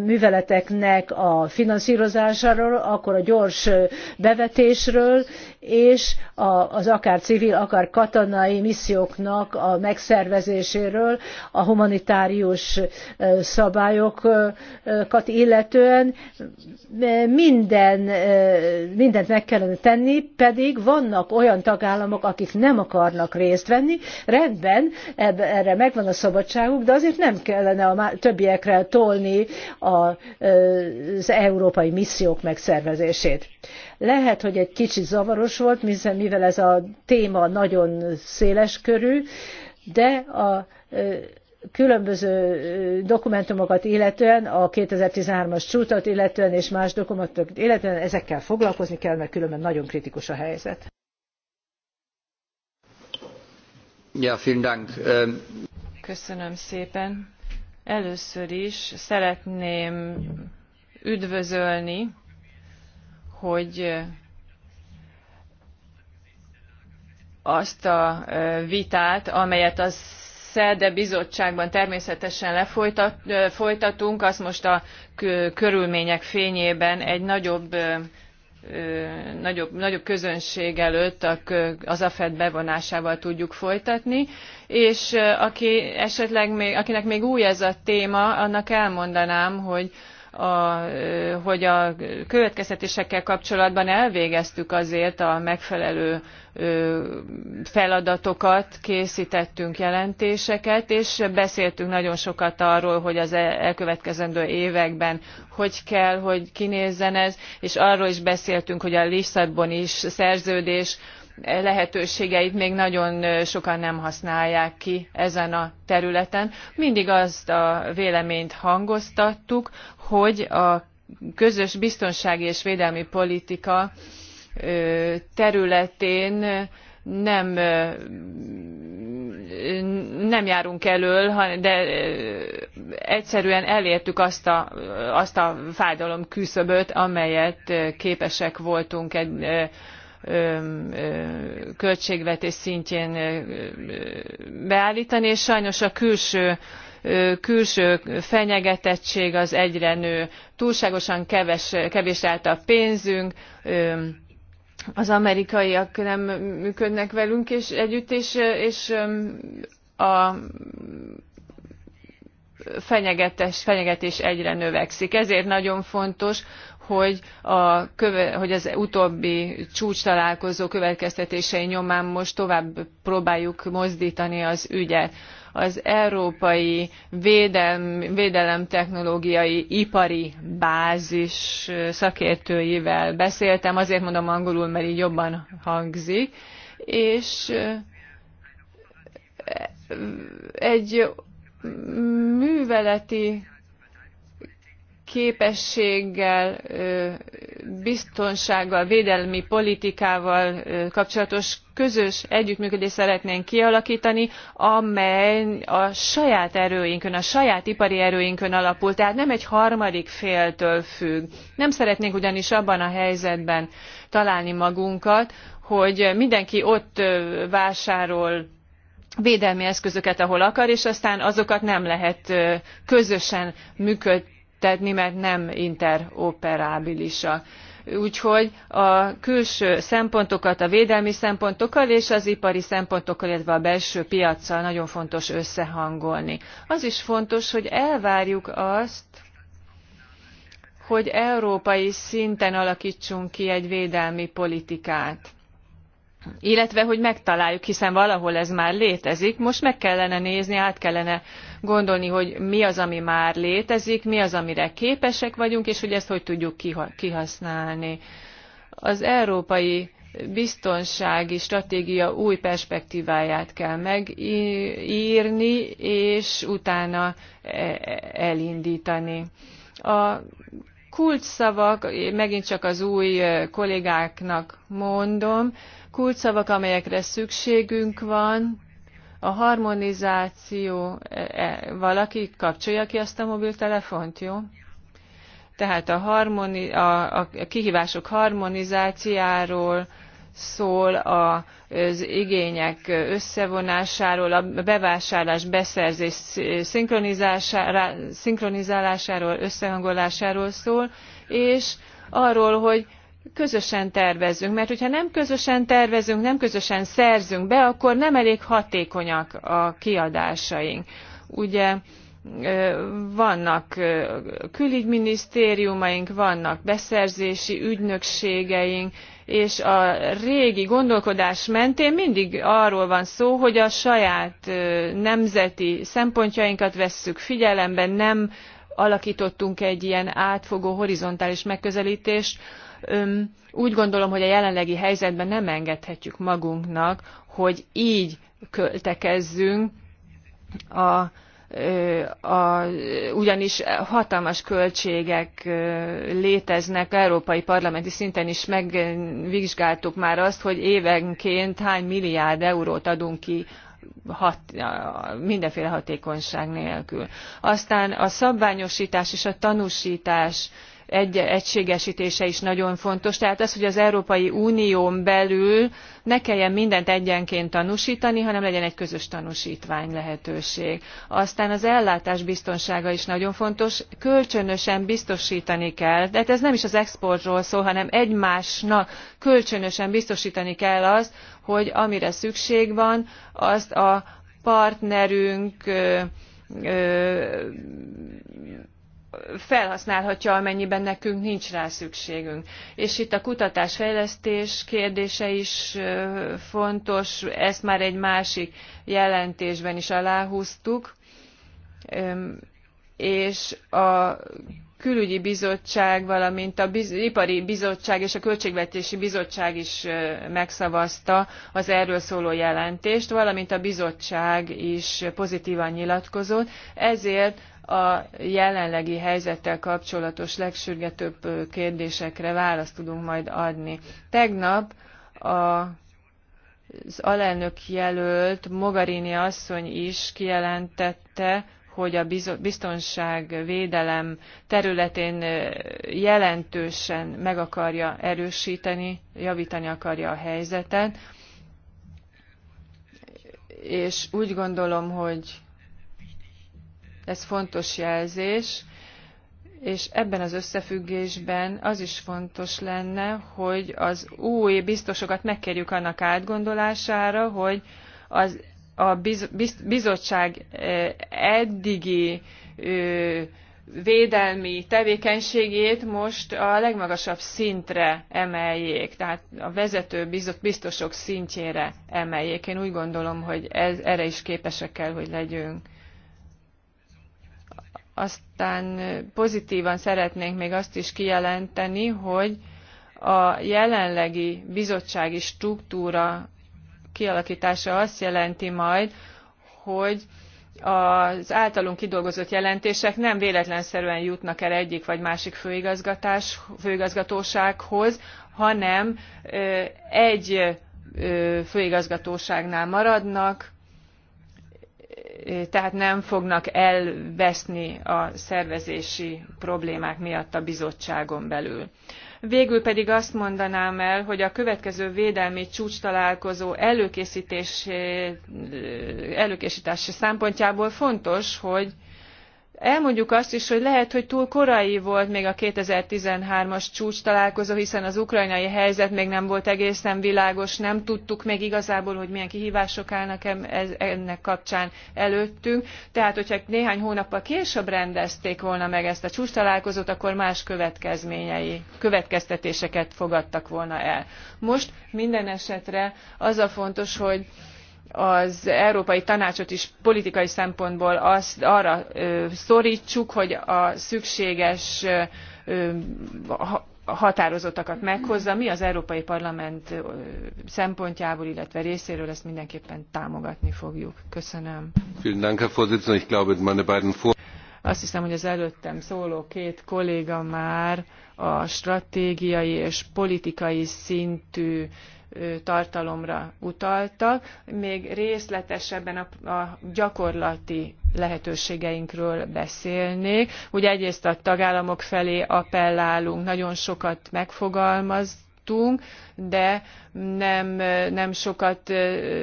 műveleteknek a finanszírozásáról, akkor a gyors bevetésről, és a, az akár civil, akár katonai misszióknak a megszervezéséről, a humanitárius szabályokat illetően minden, mindent meg kellene tenni, pedig vannak olyan tagállamok, akik nem akarnak részt venni, rendben, erre megvan a szabadságuk, de azért nem kellene a többiekre tolni az európai missziók megszervezését. Lehet, hogy egy kicsit zavaros volt, mivel ez a téma nagyon széles körű, de a különböző dokumentumokat illetően, a 2013-as csútat illetően és más dokumentumokat illetően ezekkel foglalkozni kell, mert különben nagyon kritikus a helyzet. Ja, vielen Dank. Ähm, Köszönöm szépen. Először is szeretném üdvözölni, hogy azt a vitát, amelyet a SZEDE bizottságban természetesen lefolytatunk, folytatunk, azt most a körülmények fényében egy nagyobb nagyobb, nagyobb közönség előtt az AFED bevonásával tudjuk folytatni, és aki esetleg még, akinek még új ez a téma, annak elmondanám, hogy a, hogy a következtetésekkel kapcsolatban elvégeztük azért a megfelelő feladatokat, készítettünk jelentéseket, és beszéltünk nagyon sokat arról, hogy az elkövetkezendő években hogy kell, hogy kinézzen ez, és arról is beszéltünk, hogy a Lisszaboni szerződés lehetőségeit még nagyon sokan nem használják ki ezen a területen. Mindig azt a véleményt hangoztattuk, hogy a közös biztonsági és védelmi politika területén nem, nem járunk elől, de egyszerűen elértük azt a, azt a fájdalom küszöböt, amelyet képesek voltunk költségvetés szintjén beállítani, és sajnos a külső külső fenyegetettség az egyre nő túlságosan keves, kevés állt a pénzünk az amerikaiak nem működnek velünk és együtt és, és a fenyegetés, fenyegetés egyre növekszik. Ezért nagyon fontos, hogy, a köve, hogy az utóbbi csúcs találkozó következtetései nyomán most tovább próbáljuk mozdítani az ügyet. Az európai védelem, védelem technológiai ipari bázis szakértőivel beszéltem, azért mondom angolul, mert így jobban hangzik, és egy műveleti képességgel, biztonsággal, védelmi politikával kapcsolatos közös együttműködést szeretnénk kialakítani, amely a saját erőinkön, a saját ipari erőinkön alapul, tehát nem egy harmadik féltől függ. Nem szeretnénk ugyanis abban a helyzetben találni magunkat, hogy mindenki ott vásárol védelmi eszközöket, ahol akar, és aztán azokat nem lehet közösen működtetni, mert nem interoperábilisak. Úgyhogy a külső szempontokat a védelmi szempontokkal és az ipari szempontokkal, illetve a belső piaccal nagyon fontos összehangolni. Az is fontos, hogy elvárjuk azt, hogy európai szinten alakítsunk ki egy védelmi politikát illetve hogy megtaláljuk, hiszen valahol ez már létezik. Most meg kellene nézni, át kellene gondolni, hogy mi az, ami már létezik, mi az, amire képesek vagyunk, és hogy ezt hogy tudjuk kihasználni. Az európai biztonsági stratégia új perspektíváját kell megírni, és utána e-, elindítani. A kulcsszavak, megint csak az új kollégáknak mondom, kulcsszavak, amelyekre szükségünk van, a harmonizáció, e, e, valaki kapcsolja ki azt a mobiltelefont, jó? Tehát a, harmoni, a, a kihívások harmonizáciáról, szól az igények összevonásáról, a bevásárlás, beszerzés szinkronizálásáról, összehangolásáról szól, és arról, hogy közösen tervezünk, mert hogyha nem közösen tervezünk, nem közösen szerzünk be, akkor nem elég hatékonyak a kiadásaink. Ugye vannak külügyminisztériumaink, vannak beszerzési ügynökségeink, és a régi gondolkodás mentén mindig arról van szó, hogy a saját nemzeti szempontjainkat vesszük figyelembe, nem alakítottunk egy ilyen átfogó horizontális megközelítést, úgy gondolom, hogy a jelenlegi helyzetben nem engedhetjük magunknak, hogy így költekezzünk a a, ugyanis hatalmas költségek léteznek, európai parlamenti szinten is megvizsgáltuk már azt, hogy évenként hány milliárd eurót adunk ki hat, mindenféle hatékonyság nélkül. Aztán a szabványosítás és a tanúsítás egy is nagyon fontos. Tehát az, hogy az Európai Unión belül ne kelljen mindent egyenként tanúsítani, hanem legyen egy közös tanúsítvány lehetőség. Aztán az ellátás biztonsága is nagyon fontos. Kölcsönösen biztosítani kell, de hát ez nem is az exportról szól, hanem egymásnak kölcsönösen biztosítani kell azt, hogy amire szükség van, azt a partnerünk ö, ö, felhasználhatja, amennyiben nekünk nincs rá szükségünk. És itt a kutatásfejlesztés kérdése is fontos, ezt már egy másik jelentésben is aláhúztuk, és a külügyi bizottság, valamint a biz, ipari bizottság és a költségvetési bizottság is megszavazta az erről szóló jelentést, valamint a bizottság is pozitívan nyilatkozott. Ezért a jelenlegi helyzettel kapcsolatos legsürgetőbb kérdésekre választ tudunk majd adni. Tegnap a az alelnök jelölt Mogarini asszony is kijelentette, hogy a biztonság védelem területén jelentősen meg akarja erősíteni, javítani akarja a helyzetet. És úgy gondolom, hogy ez fontos jelzés, és ebben az összefüggésben az is fontos lenne, hogy az új biztosokat megkérjük annak átgondolására, hogy az, a biz, biz, bizottság eddigi ö, védelmi tevékenységét most a legmagasabb szintre emeljék, tehát a vezető biztosok szintjére emeljék. Én úgy gondolom, hogy ez, erre is képesek kell, hogy legyünk. Aztán pozitívan szeretnénk még azt is kijelenteni, hogy a jelenlegi bizottsági struktúra kialakítása azt jelenti majd, hogy az általunk kidolgozott jelentések nem véletlenszerűen jutnak el egyik vagy másik főigazgatás, főigazgatósághoz, hanem egy főigazgatóságnál maradnak, tehát nem fognak elveszni a szervezési problémák miatt a bizottságon belül. Végül pedig azt mondanám el, hogy a következő védelmi csúcs találkozó előkészítés, előkészítési szempontjából fontos, hogy Elmondjuk azt is, hogy lehet, hogy túl korai volt még a 2013-as csúcs találkozó, hiszen az ukrajnai helyzet még nem volt egészen világos, nem tudtuk még igazából, hogy milyen kihívások állnak ennek kapcsán előttünk. Tehát, hogyha néhány hónappal később rendezték volna meg ezt a csúcs találkozót, akkor más következményei, következtetéseket fogadtak volna el. Most minden esetre az a fontos, hogy az Európai Tanácsot is politikai szempontból azt, arra ö, szorítsuk, hogy a szükséges ö, meghozza. Mi az Európai Parlament szempontjából, illetve részéről ezt mindenképpen támogatni fogjuk. Köszönöm. Azt hiszem, hogy az előttem szóló két kolléga már a stratégiai és politikai szintű tartalomra utaltak, még részletesebben a, a gyakorlati lehetőségeinkről beszélnék. Ugye egyrészt a tagállamok felé appellálunk, nagyon sokat megfogalmaz, tudtunk, de nem, nem sokat,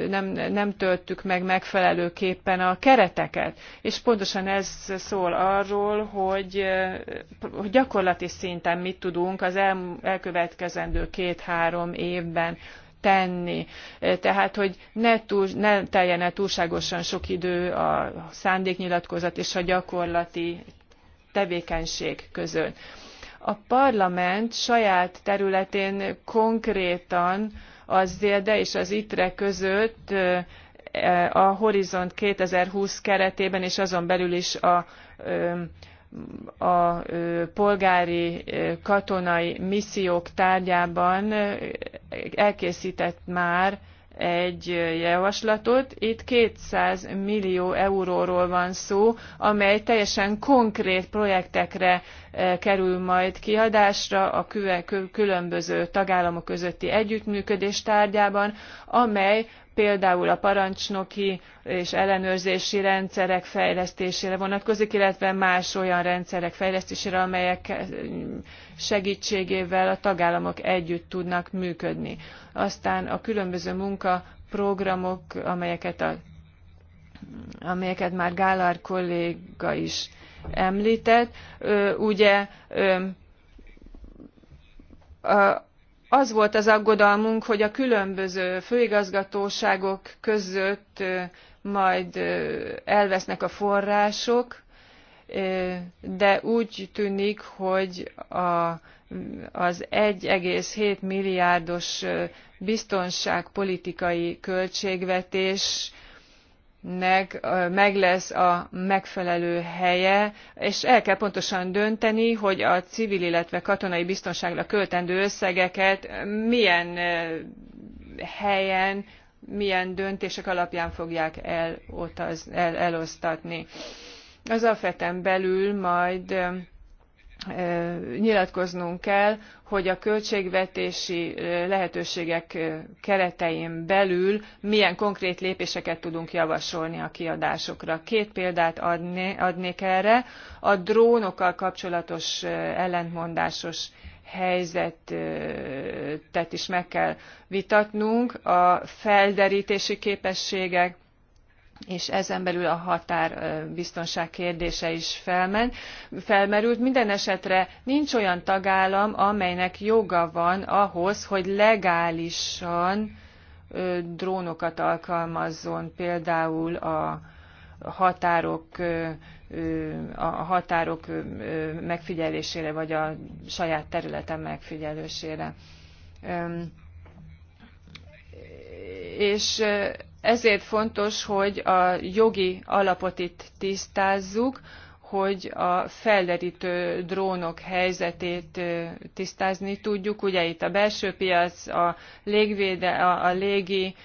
nem, nem töltük meg megfelelőképpen a kereteket. És pontosan ez szól arról, hogy, hogy gyakorlati szinten mit tudunk az el, elkövetkezendő két-három évben tenni. Tehát, hogy ne, túl, ne teljen el túlságosan sok idő a szándéknyilatkozat és a gyakorlati tevékenység között a parlament saját területén konkrétan az DELDE és az ITRE között e, a Horizont 2020 keretében és azon belül is a, a polgári katonai missziók tárgyában elkészített már egy javaslatot. Itt 200 millió euróról van szó, amely teljesen konkrét projektekre eh, kerül majd kiadásra a különböző tagállamok közötti együttműködés tárgyában, amely például a parancsnoki és ellenőrzési rendszerek fejlesztésére vonatkozik, illetve más olyan rendszerek fejlesztésére, amelyek eh, segítségével a tagállamok együtt tudnak működni. Aztán a különböző munkaprogramok, amelyeket, a, amelyeket már Gálár kolléga is említett, ugye a, az volt az aggodalmunk, hogy a különböző főigazgatóságok között majd elvesznek a források, de úgy tűnik, hogy a, az 1,7 milliárdos biztonságpolitikai költségvetés nek meg lesz a megfelelő helye, és el kell pontosan dönteni, hogy a civil, illetve katonai biztonságra költendő összegeket milyen helyen, milyen döntések alapján fogják el, el, elosztatni. Az afet belül majd nyilatkoznunk kell, hogy a költségvetési lehetőségek keretein belül milyen konkrét lépéseket tudunk javasolni a kiadásokra. Két példát adnék erre. A drónokkal kapcsolatos ellentmondásos helyzetet is meg kell vitatnunk, a felderítési képességek, és ezen belül a határ biztonság kérdése is felmen, felmerült. Minden esetre nincs olyan tagállam, amelynek joga van ahhoz, hogy legálisan ö, drónokat alkalmazzon például a határok, ö, a határok megfigyelésére, vagy a saját területen megfigyelésére. és ezért fontos, hogy a jogi alapot itt tisztázzuk, hogy a felderítő drónok helyzetét tisztázni tudjuk. Ugye itt a belső piac, a, légvéde, a, a légi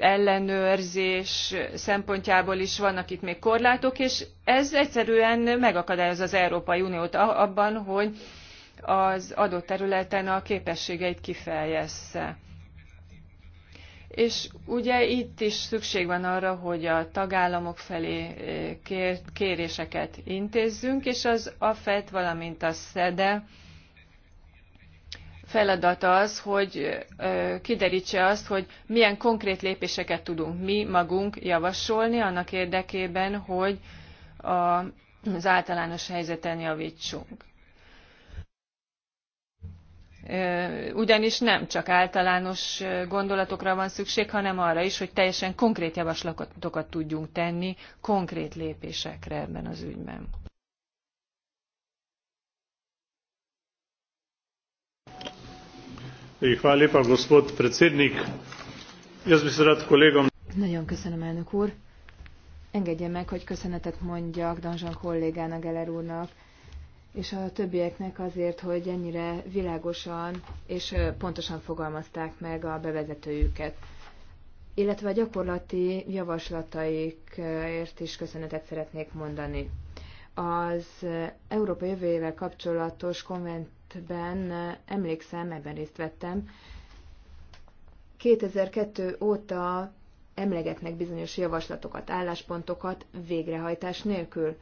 ellenőrzés szempontjából is vannak itt még korlátok, és ez egyszerűen megakadályoz az Európai Uniót abban, hogy az adott területen a képességeit kifejezze és ugye itt is szükség van arra, hogy a tagállamok felé eh, kér, kéréseket intézzünk, és az AFET, valamint a SZEDE feladata az, hogy eh, kiderítse azt, hogy milyen konkrét lépéseket tudunk mi magunk javasolni annak érdekében, hogy a, az általános helyzeten javítsunk ugyanis nem csak általános gondolatokra van szükség, hanem arra is, hogy teljesen konkrét javaslatokat tudjunk tenni, konkrét lépésekre ebben az ügyben. Nagyon köszönöm, elnök úr. Engedje meg, hogy köszönetet mondjak Danzsan kollégának, Geller úrnak, és a többieknek azért, hogy ennyire világosan és pontosan fogalmazták meg a bevezetőjüket. Illetve a gyakorlati javaslataikért is köszönetet szeretnék mondani. Az Európa jövőjével kapcsolatos konventben emlékszem, ebben részt vettem, 2002 óta emlegetnek bizonyos javaslatokat, álláspontokat végrehajtás nélkül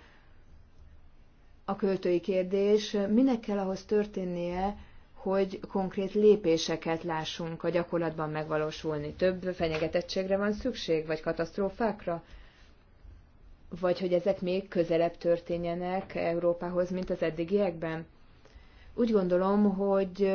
a költői kérdés, minek kell ahhoz történnie, hogy konkrét lépéseket lássunk a gyakorlatban megvalósulni. Több fenyegetettségre van szükség, vagy katasztrófákra? Vagy hogy ezek még közelebb történjenek Európához, mint az eddigiekben? Úgy gondolom, hogy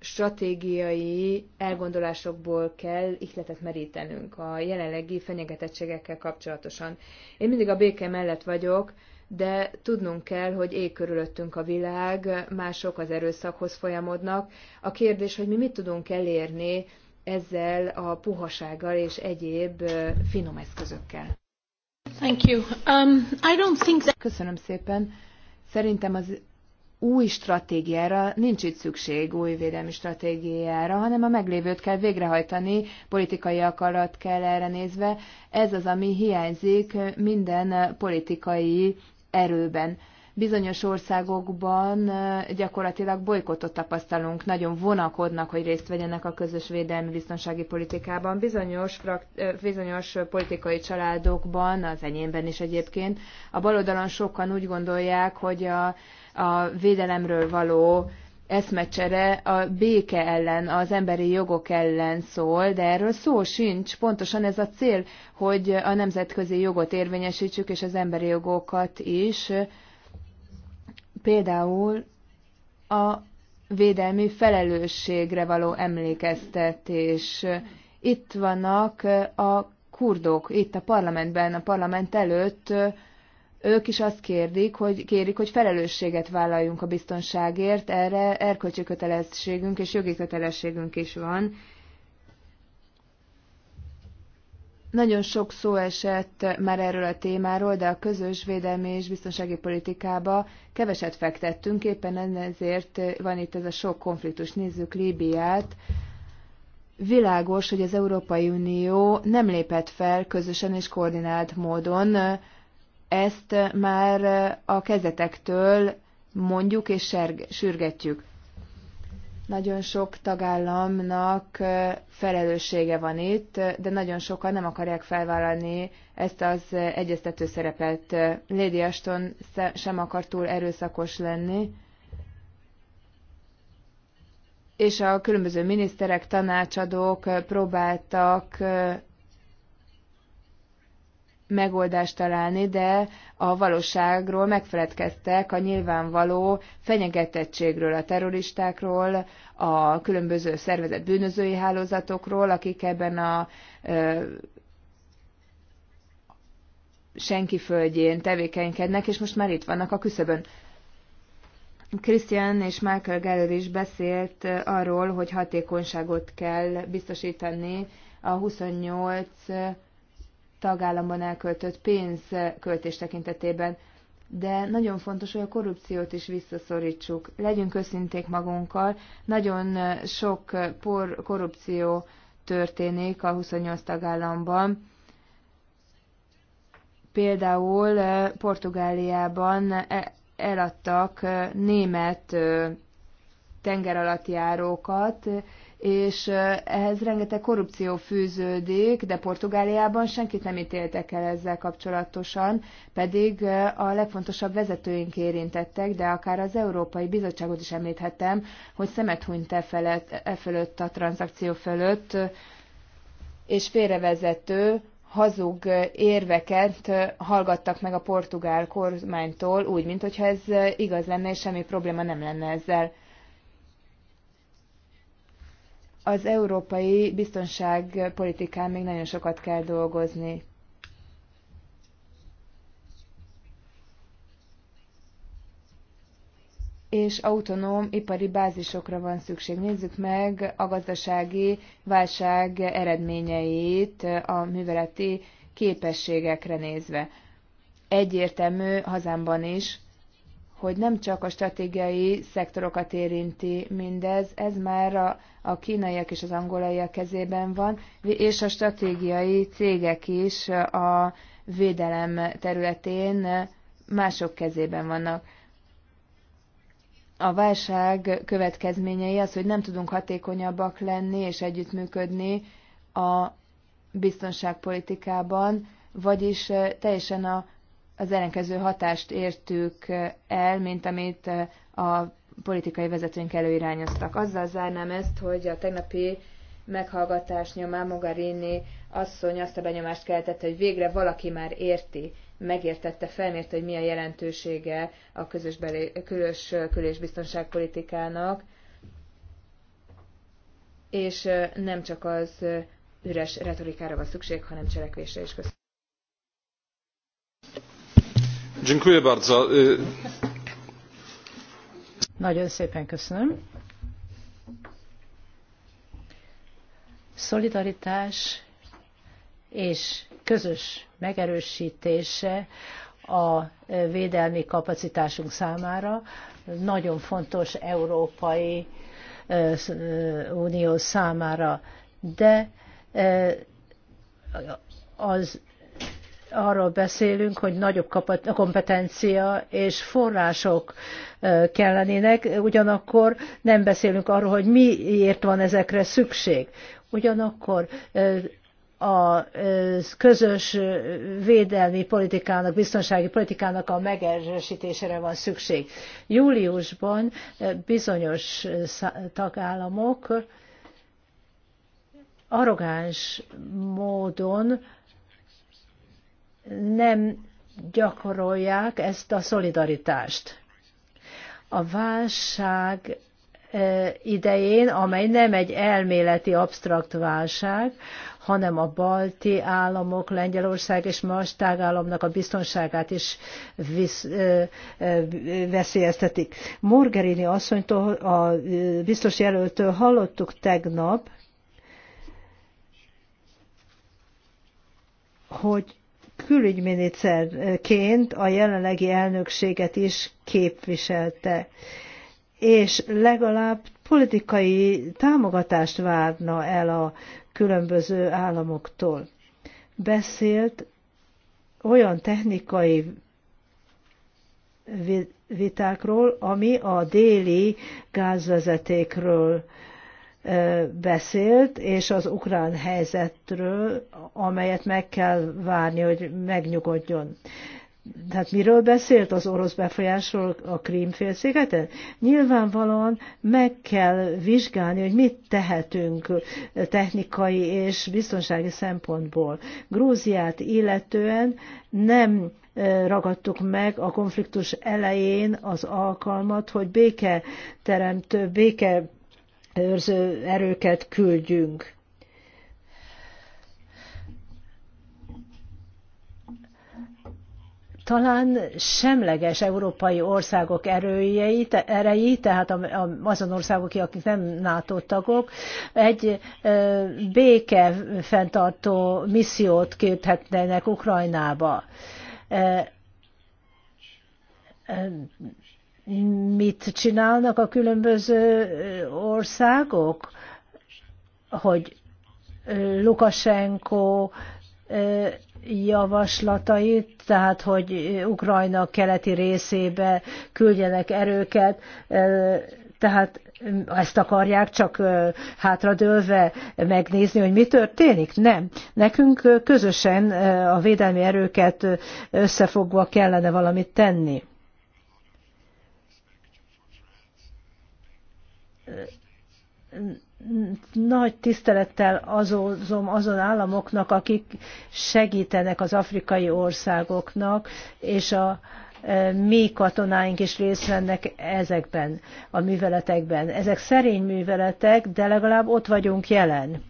stratégiai elgondolásokból kell ihletet merítenünk a jelenlegi fenyegetettségekkel kapcsolatosan. Én mindig a béke mellett vagyok, de tudnunk kell, hogy ég körülöttünk a világ, mások az erőszakhoz folyamodnak. A kérdés, hogy mi mit tudunk elérni ezzel a puhasággal és egyéb finom eszközökkel. Thank you. Um, I don't think that... Köszönöm szépen. Szerintem az új stratégiára nincs itt szükség, új védelmi stratégiára, hanem a meglévőt kell végrehajtani, politikai akarat kell erre nézve. Ez az, ami hiányzik minden politikai erőben. Bizonyos országokban gyakorlatilag bolykotot tapasztalunk, nagyon vonakodnak, hogy részt vegyenek a közös védelmi biztonsági politikában. Bizonyos, bizonyos politikai családokban, az enyémben is egyébként, a baloldalon sokan úgy gondolják, hogy a, a védelemről való eszmecsere a béke ellen, az emberi jogok ellen szól, de erről szó sincs. Pontosan ez a cél, hogy a nemzetközi jogot érvényesítsük, és az emberi jogokat is. Például a védelmi felelősségre való emlékeztetés. Itt vannak a kurdok, itt a parlamentben, a parlament előtt ők is azt kérdik, hogy, kérik, hogy felelősséget vállaljunk a biztonságért, erre erkölcsi kötelességünk és jogi kötelességünk is van. Nagyon sok szó esett már erről a témáról, de a közös védelmi és biztonsági politikába keveset fektettünk, éppen ezért van itt ez a sok konfliktus. Nézzük Líbiát. Világos, hogy az Európai Unió nem lépett fel közösen és koordinált módon ezt már a kezetektől mondjuk és serg- sürgetjük. Nagyon sok tagállamnak felelőssége van itt, de nagyon sokan nem akarják felvállalni ezt az egyeztető szerepet. Lady Ashton sem akar túl erőszakos lenni, és a különböző miniszterek, tanácsadók próbáltak megoldást találni, de a valóságról megfeledkeztek a nyilvánvaló fenyegetettségről, a terroristákról, a különböző szervezet bűnözői hálózatokról, akik ebben a ö, senki földjén tevékenykednek, és most már itt vannak a küszöbön. Christian és Michael Geller is beszélt arról, hogy hatékonyságot kell biztosítani a 28 tagállamban elköltött pénzköltés eh, tekintetében. De nagyon fontos, hogy a korrupciót is visszaszorítsuk. Legyünk őszinték magunkkal. Nagyon eh, sok eh, por korrupció történik a 28 tagállamban. Például Portugáliában eladtak német tengeralattjárókat, és ehhez rengeteg korrupció fűződik, de Portugáliában senkit nem ítéltek el ezzel kapcsolatosan, pedig a legfontosabb vezetőink érintettek, de akár az Európai Bizottságot is említhetem, hogy szemet hunyt e, felett, e fölött a tranzakció fölött, és félrevezető, hazug érveket hallgattak meg a portugál kormánytól, úgy, mintha ez igaz lenne, és semmi probléma nem lenne ezzel az európai biztonságpolitikán még nagyon sokat kell dolgozni. és autonóm ipari bázisokra van szükség. Nézzük meg a gazdasági válság eredményeit a műveleti képességekre nézve. Egyértelmű hazámban is, hogy nem csak a stratégiai szektorokat érinti mindez, ez már a, a kínaiak és az angolaiak kezében van, és a stratégiai cégek is a védelem területén mások kezében vannak. A válság következményei az, hogy nem tudunk hatékonyabbak lenni és együttműködni a biztonságpolitikában, vagyis teljesen a az ellenkező hatást értük el, mint amit a politikai vezetőink előirányoztak. Azzal zárnám ezt, hogy a tegnapi meghallgatás nyomán Mogarini asszony azt a benyomást keltette, hogy végre valaki már érti, megértette, felmérte, hogy mi a jelentősége a közös, belé, külös kül- és biztonságpolitikának, és nem csak az üres retorikára van szükség, hanem cselekvésre is. Köszönöm. Nagyon szépen köszönöm. Szolidaritás és közös megerősítése a védelmi kapacitásunk számára nagyon fontos európai unió számára, de az arról beszélünk, hogy nagyobb kompetencia és források kellenének, ugyanakkor nem beszélünk arról, hogy miért van ezekre szükség. Ugyanakkor a közös védelmi politikának, biztonsági politikának a megerősítésére van szükség. Júliusban bizonyos tagállamok arrogáns módon nem gyakorolják ezt a szolidaritást. A válság e, idején, amely nem egy elméleti absztrakt válság, hanem a balti államok, Lengyelország és más tagállamnak a biztonságát is visz, ö, e, ö, e, veszélyeztetik. Morgerini asszonytól, a biztos jelöltől hallottuk tegnap, hogy külügyminiszerként a jelenlegi elnökséget is képviselte, és legalább politikai támogatást várna el a különböző államoktól. Beszélt olyan technikai vitákról, ami a déli gázvezetékről beszélt, és az ukrán helyzetről, amelyet meg kell várni, hogy megnyugodjon. Tehát miről beszélt az orosz befolyásról a Krímfélszigeten? Nyilvánvalóan meg kell vizsgálni, hogy mit tehetünk technikai és biztonsági szempontból. Grúziát illetően nem ragadtuk meg a konfliktus elején az alkalmat, hogy béke teremtő, béke őrző erőket küldjünk. talán semleges európai országok erőjei, erei, tehát azon országok, akik nem NATO tagok, egy béke fenntartó missziót küldhetnének Ukrajnába mit csinálnak a különböző országok, hogy Lukasenko javaslatait, tehát hogy Ukrajna keleti részébe küldjenek erőket, tehát ezt akarják csak hátradőlve megnézni, hogy mi történik? Nem. Nekünk közösen a védelmi erőket összefogva kellene valamit tenni. nagy tisztelettel azózom azon államoknak, akik segítenek az afrikai országoknak, és a e, mi katonáink is részt vennek ezekben a műveletekben. Ezek szerény műveletek, de legalább ott vagyunk jelen.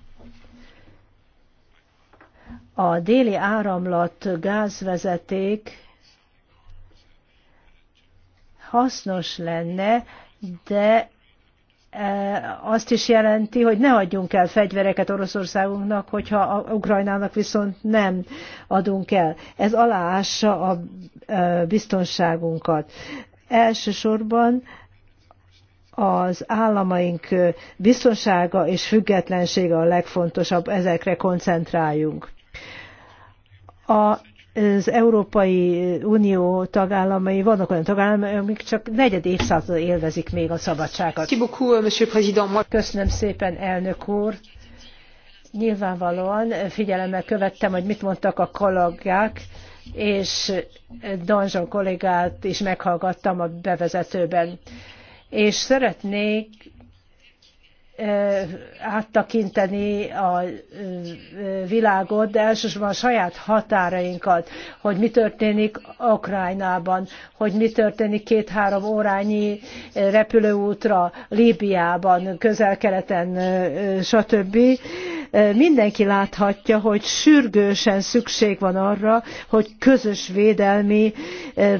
A déli áramlat gázvezeték hasznos lenne, de Eh, azt is jelenti, hogy ne adjunk el fegyvereket Oroszországunknak, hogyha a Ukrajnának viszont nem adunk el. Ez aláássa a eh, biztonságunkat. Elsősorban az államaink eh, biztonsága és függetlensége a legfontosabb, ezekre koncentráljunk. A az Európai Unió tagállamai, vannak olyan tagállamai, amik csak negyed évszázad élvezik még a szabadságot. Euh, Köszönöm szépen, elnök úr! Nyilvánvalóan figyelemmel követtem, hogy mit mondtak a kollégák, és Danzson kollégát is meghallgattam a bevezetőben. És szeretnék áttakinteni a világot, de elsősorban a saját határainkat, hogy mi történik Ukrajnában, hogy mi történik két-három órányi repülőútra Líbiában, közel-keleten, stb. Mindenki láthatja, hogy sürgősen szükség van arra, hogy közös védelmi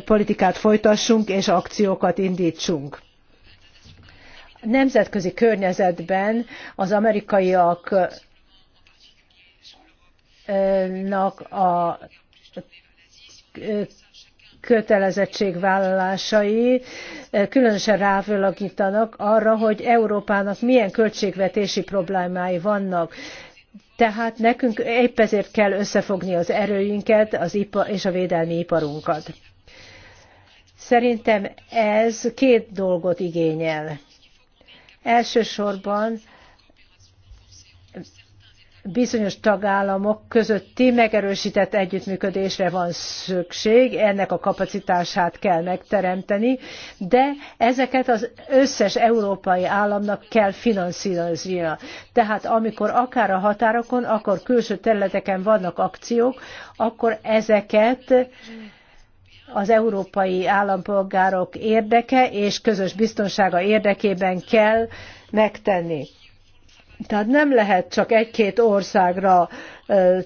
politikát folytassunk és akciókat indítsunk nemzetközi környezetben az amerikaiak a kötelezettségvállalásai különösen rávilágítanak arra, hogy Európának milyen költségvetési problémái vannak. Tehát nekünk épp ezért kell összefogni az erőinket az ipa és a védelmi iparunkat. Szerintem ez két dolgot igényel. Elsősorban bizonyos tagállamok közötti megerősített együttműködésre van szükség, ennek a kapacitását kell megteremteni, de ezeket az összes európai államnak kell finanszíroznia. Tehát amikor akár a határokon, akkor külső területeken vannak akciók, akkor ezeket az európai állampolgárok érdeke és közös biztonsága érdekében kell megtenni. Tehát nem lehet csak egy-két országra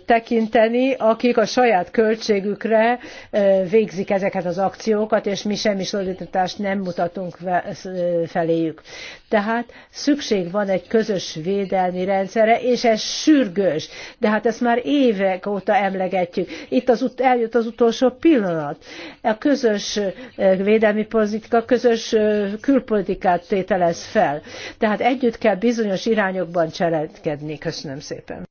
tekinteni, akik a saját költségükre végzik ezeket az akciókat, és mi semmi szolidaritást nem mutatunk feléjük. Tehát szükség van egy közös védelmi rendszerre, és ez sürgős. De hát ezt már évek óta emlegetjük. Itt az, eljött az utolsó pillanat. A közös védelmi politika közös külpolitikát tételez fel. Tehát együtt kell bizonyos irányokban cselekedni. Köszönöm szépen.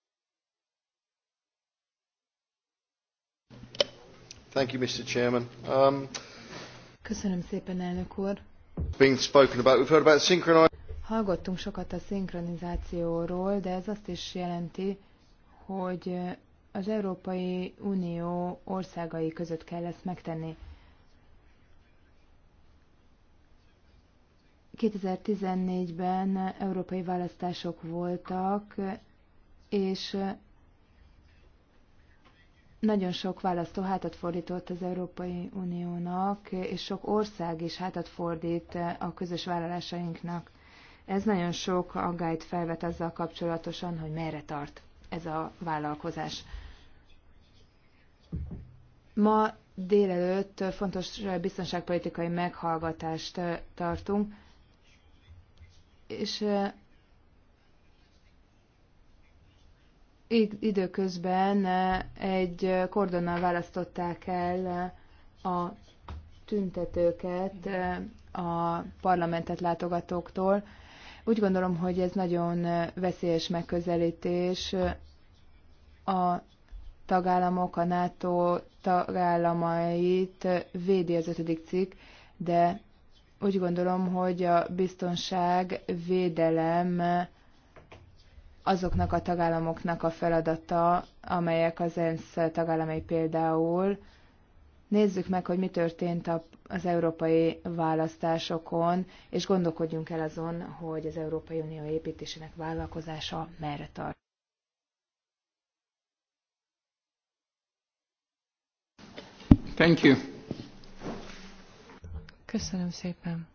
Thank you, Mr. Chairman. Um, Köszönöm szépen, elnök úr. Being spoken about, we've heard about Hallgattunk sokat a szinkronizációról, de ez azt is jelenti, hogy az Európai Unió országai között kell ezt megtenni. 2014-ben európai választások voltak, és nagyon sok választó hátat fordított az Európai Uniónak, és sok ország is hátat fordít a közös vállalásainknak. Ez nagyon sok aggályt felvet azzal kapcsolatosan, hogy merre tart ez a vállalkozás. Ma délelőtt fontos biztonságpolitikai meghallgatást tartunk, és időközben eh, egy kordonnal választották el eh, a tüntetőket eh, a parlamentet látogatóktól. Úgy gondolom, hogy ez nagyon veszélyes megközelítés. A tagállamok, a NATO tagállamait védi az ötödik cikk, de úgy gondolom, hogy a biztonság, védelem azoknak a tagállamoknak a feladata, amelyek az ENSZ tagállamai például. Nézzük meg, hogy mi történt az európai választásokon, és gondolkodjunk el azon, hogy az Európai Unió építésének vállalkozása merre tart. Thank you. Köszönöm szépen.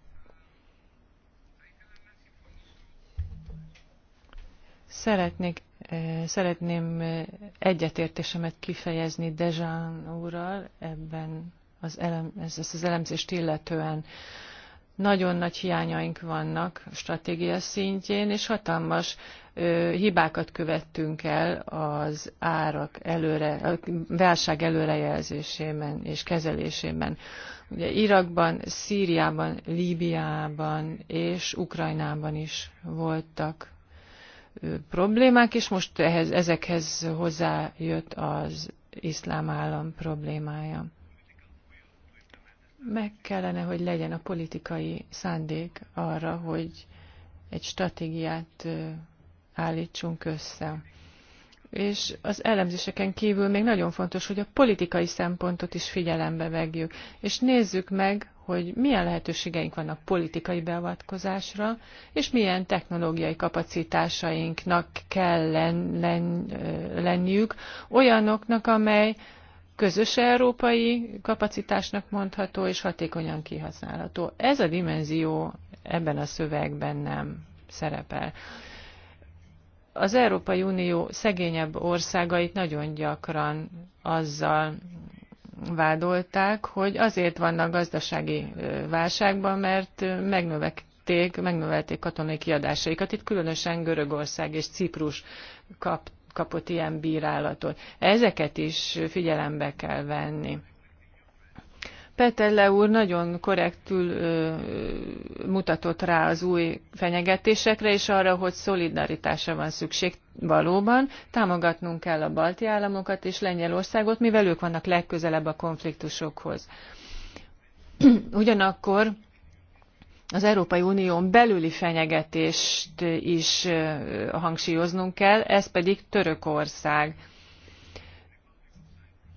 Szeretnék, szeretném egyetértésemet kifejezni Dezsán úrral ebben az elem, ezt az elemzést illetően. Nagyon nagy hiányaink vannak stratégia szintjén, és hatalmas ö, hibákat követtünk el az árak előre, a válság előrejelzésében és kezelésében. Ugye Irakban, Szíriában, Líbiában és Ukrajnában is voltak problémák, és most ehhez, ezekhez hozzájött az iszlám állam problémája. Meg kellene, hogy legyen a politikai szándék arra, hogy egy stratégiát állítsunk össze. És az elemzéseken kívül még nagyon fontos, hogy a politikai szempontot is figyelembe vegyük, és nézzük meg, hogy milyen lehetőségeink vannak politikai beavatkozásra, és milyen technológiai kapacitásainknak kell len, len, lenniük, olyanoknak, amely közös európai kapacitásnak mondható és hatékonyan kihasználható. Ez a dimenzió ebben a szövegben nem szerepel. Az Európai Unió szegényebb országait nagyon gyakran azzal vádolták, hogy azért vannak gazdasági válságban, mert megnövelték, megnövelték katonai kiadásaikat. Itt különösen Görögország és Ciprus kap, kapott ilyen bírálatot. Ezeket is figyelembe kell venni. Petelle úr nagyon korrektül ö, mutatott rá az új fenyegetésekre, és arra, hogy szolidaritásra van szükség valóban. Támogatnunk kell a balti államokat és Lengyelországot, mivel ők vannak legközelebb a konfliktusokhoz. Ugyanakkor az Európai Unión belüli fenyegetést is hangsúlyoznunk kell, ez pedig Törökország.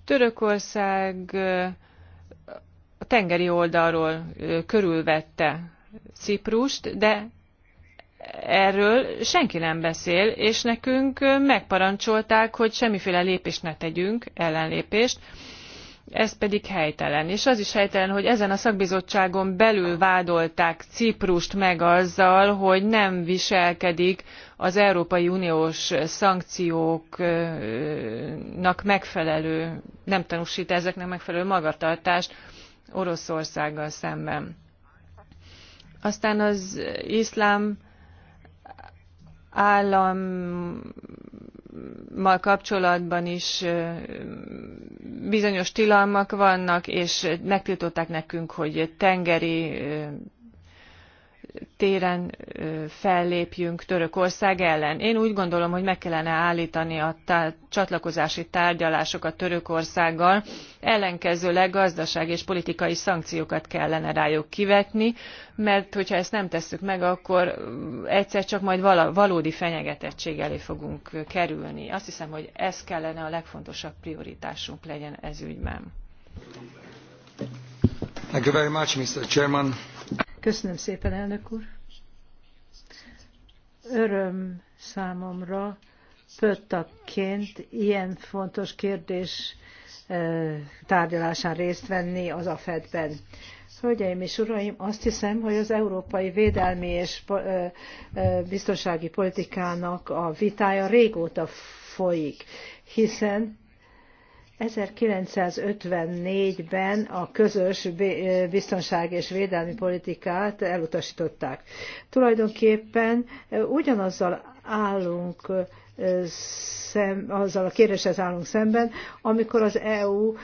Törökország a tengeri oldalról körülvette Ciprust, de erről senki nem beszél, és nekünk megparancsolták, hogy semmiféle lépést ne tegyünk, ellenlépést, ez pedig helytelen. És az is helytelen, hogy ezen a szakbizottságon belül vádolták Ciprust meg azzal, hogy nem viselkedik az Európai Uniós szankcióknak megfelelő, nem tanúsít ezeknek megfelelő magatartást Oroszországgal szemben. Aztán az iszlám állammal kapcsolatban is bizonyos tilalmak vannak, és megtiltották nekünk, hogy tengeri téren fellépjünk Törökország ellen. Én úgy gondolom, hogy meg kellene állítani a csatlakozási tárgyalásokat Törökországgal, ellenkezőleg gazdasági és politikai szankciókat kellene rájuk kivetni, mert hogyha ezt nem tesszük meg, akkor egyszer csak majd valódi fenyegetettség elé fogunk kerülni. Azt hiszem, hogy ez kellene a legfontosabb prioritásunk legyen ez ügyben. Thank you very much, Mr. Chairman. Köszönöm szépen, elnök úr. Öröm számomra pöttakként ilyen fontos kérdés e, tárgyalásán részt venni az AFED-ben. Hölgyeim és uraim, azt hiszem, hogy az európai védelmi és e, e, biztonsági politikának a vitája régóta folyik, hiszen 1954-ben a közös biztonság és védelmi politikát elutasították. Tulajdonképpen ugyanazzal állunk szem, azzal a kérdéshez állunk szemben, amikor az EU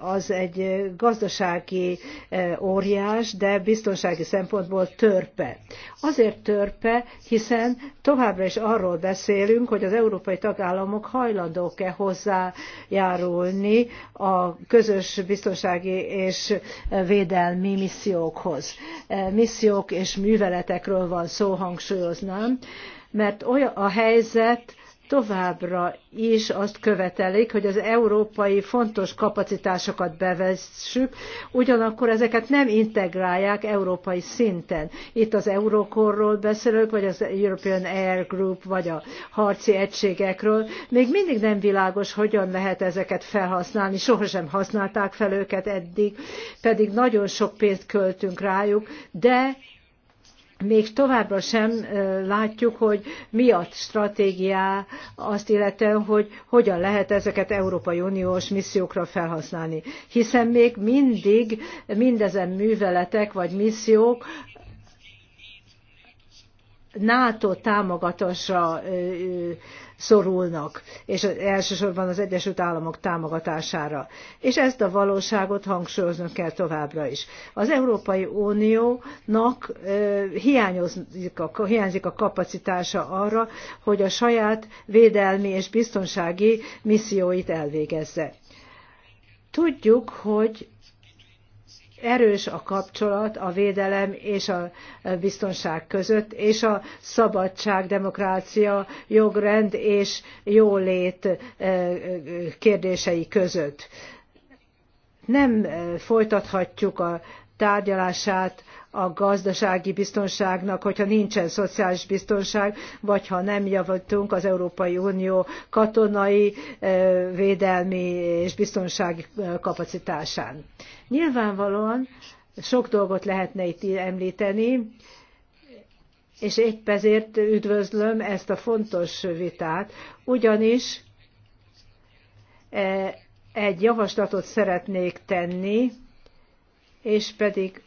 az egy gazdasági óriás, de biztonsági szempontból törpe. Azért törpe, hiszen továbbra is arról beszélünk, hogy az európai tagállamok hajlandók-e hozzájárulni a közös biztonsági és védelmi missziókhoz. Missziók és műveletekről van szó, hangsúlyoznám, mert olyan a helyzet, továbbra is azt követelik, hogy az európai fontos kapacitásokat bevessük, ugyanakkor ezeket nem integrálják európai szinten. Itt az Eurokorról beszélek, vagy az European Air Group, vagy a harci egységekről. Még mindig nem világos, hogyan lehet ezeket felhasználni, sohasem használták fel őket eddig, pedig nagyon sok pénzt költünk rájuk, de még továbbra sem látjuk, hogy mi a stratégiá azt illetően, hogy hogyan lehet ezeket Európai Uniós missziókra felhasználni. Hiszen még mindig mindezen műveletek vagy missziók NATO támogatásra szorulnak, és elsősorban az Egyesült Államok támogatására. És ezt a valóságot hangsúlyoznunk kell továbbra is. Az Európai Uniónak hiányozik a, hiányzik a kapacitása arra, hogy a saját védelmi és biztonsági misszióit elvégezze. Tudjuk, hogy erős a kapcsolat a védelem és a biztonság között, és a szabadság, demokrácia, jogrend és jólét kérdései között. Nem folytathatjuk a tárgyalását a gazdasági biztonságnak, hogyha nincsen szociális biztonság, vagy ha nem javtunk az Európai Unió katonai, védelmi és biztonsági kapacitásán. Nyilvánvalóan sok dolgot lehetne itt említeni, és épp ezért üdvözlöm ezt a fontos vitát, ugyanis egy javaslatot szeretnék tenni, és pedig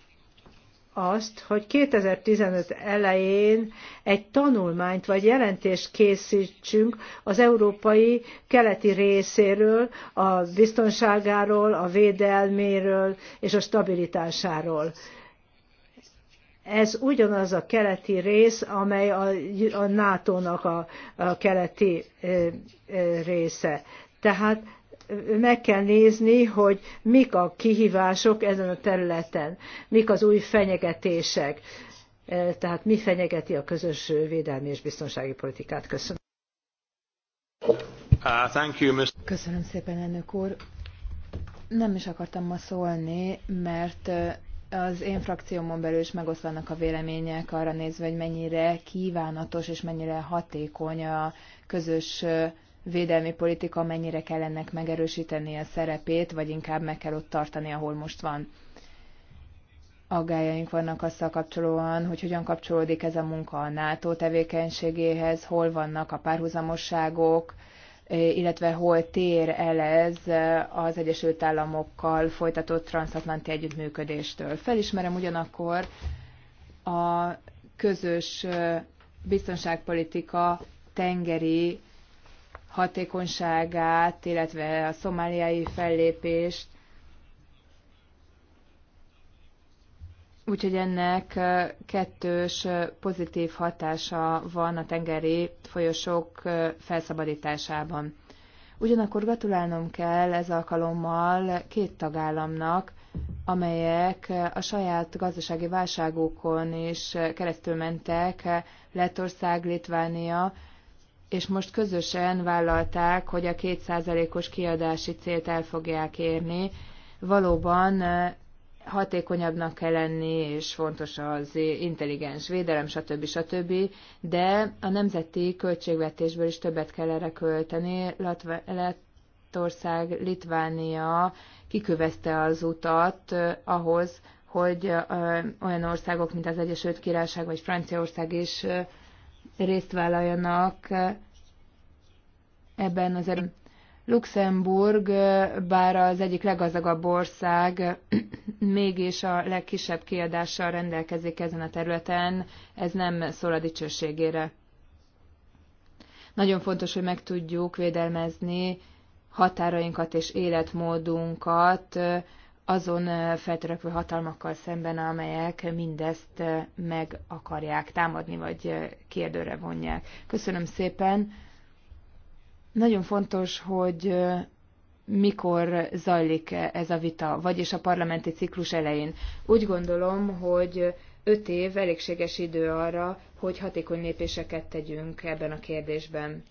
azt, hogy 2015 elején egy tanulmányt vagy jelentést készítsünk az európai keleti részéről, a biztonságáról, a védelméről és a stabilitásáról. Ez ugyanaz a keleti rész, amely a, a NATO-nak a, a keleti ö, ö, része. Tehát meg kell nézni, hogy mik a kihívások ezen a területen, mik az új fenyegetések, e, tehát mi fenyegeti a közös védelmi és biztonsági politikát. Köszönöm. Uh, Köszönöm szépen, elnök úr. Nem is akartam ma szólni, mert az én frakciómon belül is megoszlanak a vélemények arra nézve, hogy mennyire kívánatos és mennyire hatékony a közös védelmi politika mennyire kell ennek megerősíteni a szerepét, vagy inkább meg kell ott tartani, ahol most van. Aggájaink vannak azzal kapcsolóan, hogy hogyan kapcsolódik ez a munka a NATO tevékenységéhez, hol vannak a párhuzamosságok, eh, illetve hol tér el ez az Egyesült Államokkal folytatott transatlanti együttműködéstől. Felismerem ugyanakkor a közös eh, biztonságpolitika tengeri hatékonyságát, illetve a szomáliai fellépést. Úgyhogy ennek kettős pozitív hatása van a tengeri folyosók felszabadításában. Ugyanakkor gratulálnom kell ez alkalommal két tagállamnak, amelyek a saját gazdasági válságukon is keresztül mentek, Lettország, Litvánia, és most közösen vállalták, hogy a kétszázalékos kiadási célt el fogják érni. Valóban hatékonyabbnak kell lenni, és fontos az intelligens védelem, stb. stb. De a nemzeti költségvetésből is többet kell erre költeni. Lettország, Litvánia kikövezte az utat ahhoz, hogy olyan országok, mint az Egyesült Királyság vagy Franciaország is részt vállaljanak ebben az erőben. Luxemburg, bár az egyik leggazdagabb ország, mégis a legkisebb kiadással rendelkezik ezen a területen, ez nem szól a dicsőségére. Nagyon fontos, hogy meg tudjuk védelmezni határainkat és életmódunkat azon feltörekvő hatalmakkal szemben, amelyek mindezt meg akarják támadni, vagy kérdőre vonják. Köszönöm szépen. Nagyon fontos, hogy mikor zajlik ez a vita, vagyis a parlamenti ciklus elején. Úgy gondolom, hogy öt év elégséges idő arra, hogy hatékony lépéseket tegyünk ebben a kérdésben.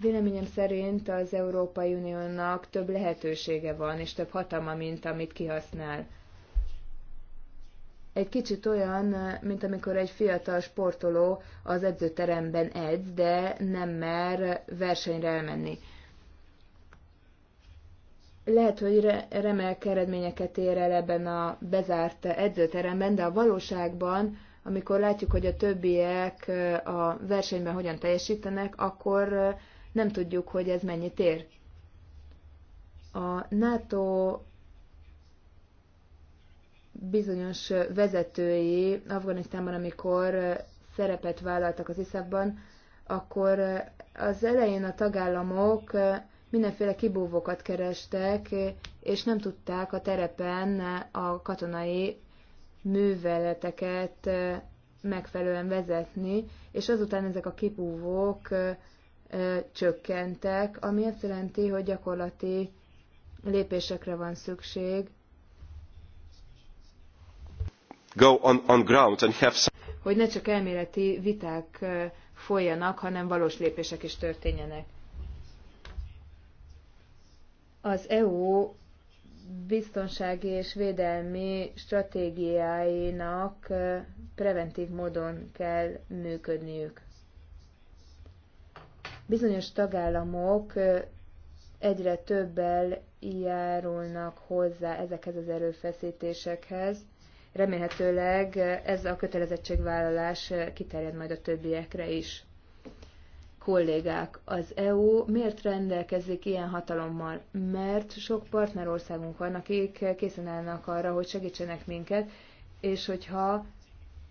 Véleményem szerint az Európai Uniónak több lehetősége van, és több hatalma, mint amit kihasznál. Egy kicsit olyan, mint amikor egy fiatal sportoló az edzőteremben edz, de nem mer versenyre elmenni. Lehet, hogy remek eredményeket ér el ebben a bezárt edzőteremben, de a valóságban amikor látjuk, hogy a többiek a versenyben hogyan teljesítenek, akkor nem tudjuk, hogy ez mennyit ér. A NATO bizonyos vezetői Afganisztánban, amikor szerepet vállaltak az iszapban, akkor az elején a tagállamok mindenféle kibúvókat kerestek, és nem tudták a terepen a katonai műveleteket megfelelően vezetni, és azután ezek a kibúvók csökkentek, ami azt jelenti, hogy gyakorlati lépésekre van szükség, Go on, on ground and have some... hogy ne csak elméleti viták folyjanak, hanem valós lépések is történjenek. Az EU biztonsági és védelmi stratégiáinak preventív módon kell működniük. Bizonyos tagállamok egyre többel járulnak hozzá ezekhez az erőfeszítésekhez. Remélhetőleg ez a kötelezettségvállalás kiterjed majd a többiekre is. Kollégák, az EU miért rendelkezik ilyen hatalommal? Mert sok partnerországunk van, akik készen állnak arra, hogy segítsenek minket, és hogyha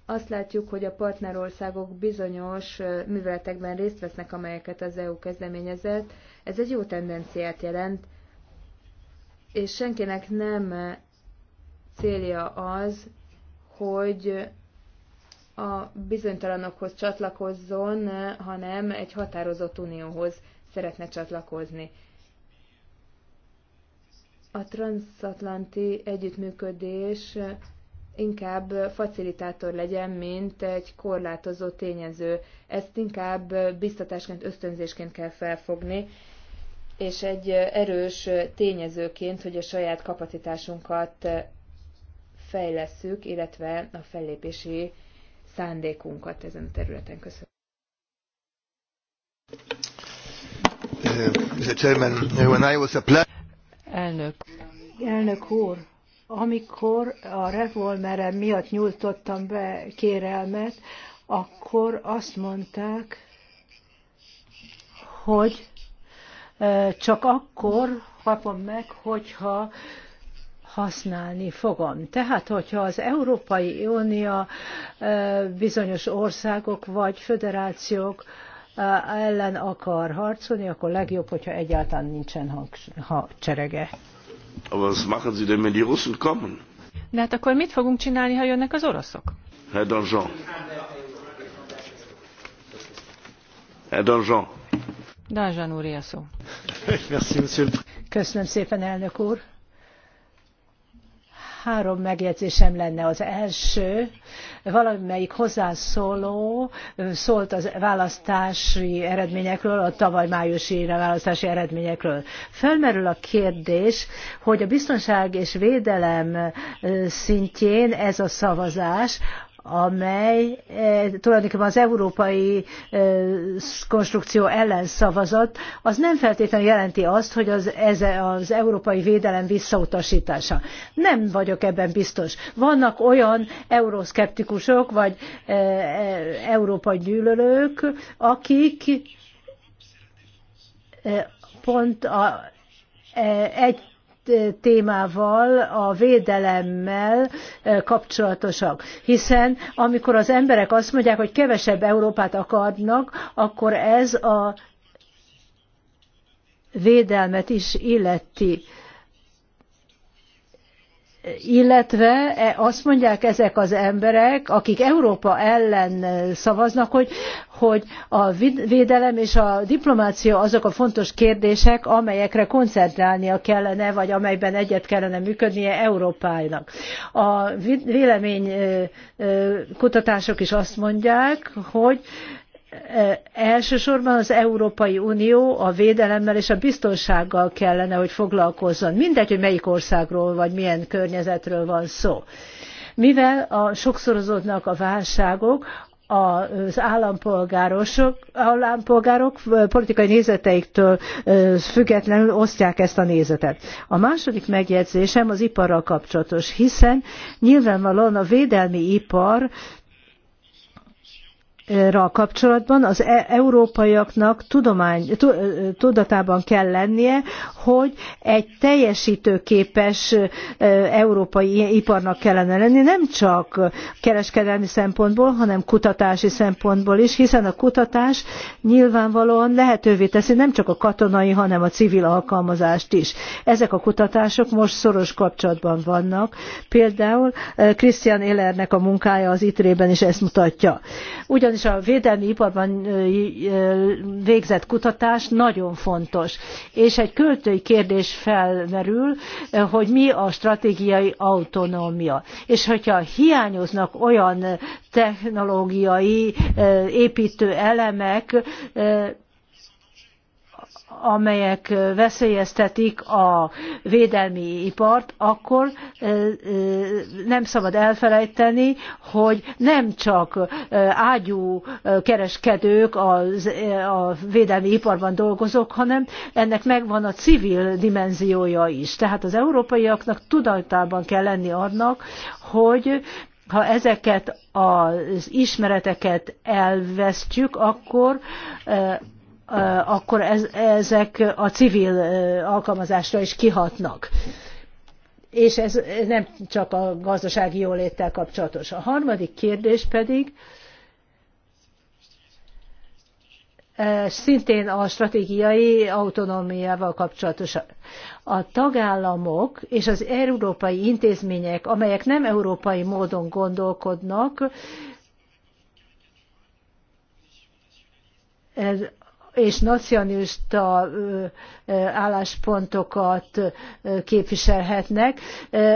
azt látjuk, hogy a partnerországok bizonyos műveletekben részt vesznek, amelyeket az EU kezdeményezett. Ez egy jó tendenciát jelent, és senkinek nem célja az, hogy a bizonytalanokhoz csatlakozzon, hanem egy határozott unióhoz szeretne csatlakozni. A transatlanti együttműködés inkább facilitátor legyen, mint egy korlátozó tényező. Ezt inkább biztatásként, ösztönzésként kell felfogni, és egy erős tényezőként, hogy a saját kapacitásunkat fejlesszük, illetve a fellépési szándékunkat ezen a területen. Köszönöm. Elnök. Elnök úr, amikor a revolmerem miatt nyújtottam be kérelmet, akkor azt mondták, hogy csak akkor kapom meg, hogyha használni fogom. Tehát, hogyha az Európai Unió bizonyos országok vagy föderációk ellen akar harcolni, akkor legjobb, hogyha egyáltalán nincsen hangcserege. Aber was machen Sie denn, wenn die Russen kommen? De hát akkor mit fogunk csinálni, ha jönnek az oroszok? Herr Donjon. Herr Donjon. Danjean úr, a szó. Köszönöm szépen, elnök úr. Három megjegyzésem lenne. Az első, valamelyik hozzászóló szólt az választási eredményekről, a tavaly májusi választási eredményekről. Felmerül a kérdés, hogy a biztonság és védelem szintjén ez a szavazás amely eh, tulajdonképpen az európai eh, konstrukció ellen szavazott, az nem feltétlenül jelenti azt, hogy az, ez az európai védelem visszautasítása. Nem vagyok ebben biztos. Vannak olyan euroszkeptikusok, vagy eh, európai gyűlölők, akik pont a, egy témával, a védelemmel eh, kapcsolatosak. Hiszen amikor az emberek azt mondják, hogy kevesebb Európát akarnak, akkor ez a védelmet is illeti illetve e, azt mondják ezek az emberek, akik Európa ellen e, szavaznak, hogy, hogy a védelem és a diplomácia azok a fontos kérdések, amelyekre koncentrálnia kellene, vagy amelyben egyet kellene működnie Európának. A véleménykutatások e, is azt mondják, hogy elsősorban az Európai Unió a védelemmel és a biztonsággal kellene, hogy foglalkozzon. Mindegy, hogy melyik országról vagy milyen környezetről van szó. Mivel a sokszorozódnak a válságok, az állampolgárosok, állampolgárok politikai nézeteiktől függetlenül osztják ezt a nézetet. A második megjegyzésem az iparral kapcsolatos, hiszen nyilvánvalóan a védelmi ipar kapcsolatban az e- európaiaknak tudomány, tudatában kell lennie, hogy egy teljesítőképes európai iparnak kellene lenni, nem csak kereskedelmi szempontból, hanem kutatási szempontból is, hiszen a kutatás nyilvánvalóan lehetővé teszi nem csak a katonai, hanem a civil alkalmazást is. Ezek a kutatások most szoros kapcsolatban vannak. Például Christian Ehlernek a munkája az ITRE-ben is ezt mutatja. Ugyan ugyanis a védelmi iparban végzett kutatás nagyon fontos. És egy költői kérdés felmerül, hogy mi a stratégiai autonómia. És hogyha hiányoznak olyan technológiai építő elemek, amelyek veszélyeztetik a védelmi ipart, akkor nem szabad elfelejteni, hogy nem csak ágyú kereskedők, a védelmi iparban dolgozók, hanem ennek megvan a civil dimenziója is. Tehát az európaiaknak tudatában kell lenni annak, hogy ha ezeket az ismereteket elvesztjük, akkor akkor ez, ezek a civil alkalmazásra is kihatnak. És ez nem csak a gazdasági jóléttel kapcsolatos. A harmadik kérdés pedig szintén a stratégiai autonómiával kapcsolatos. A tagállamok és az európai intézmények, amelyek nem európai módon gondolkodnak, és nacionalista álláspontokat képviselhetnek,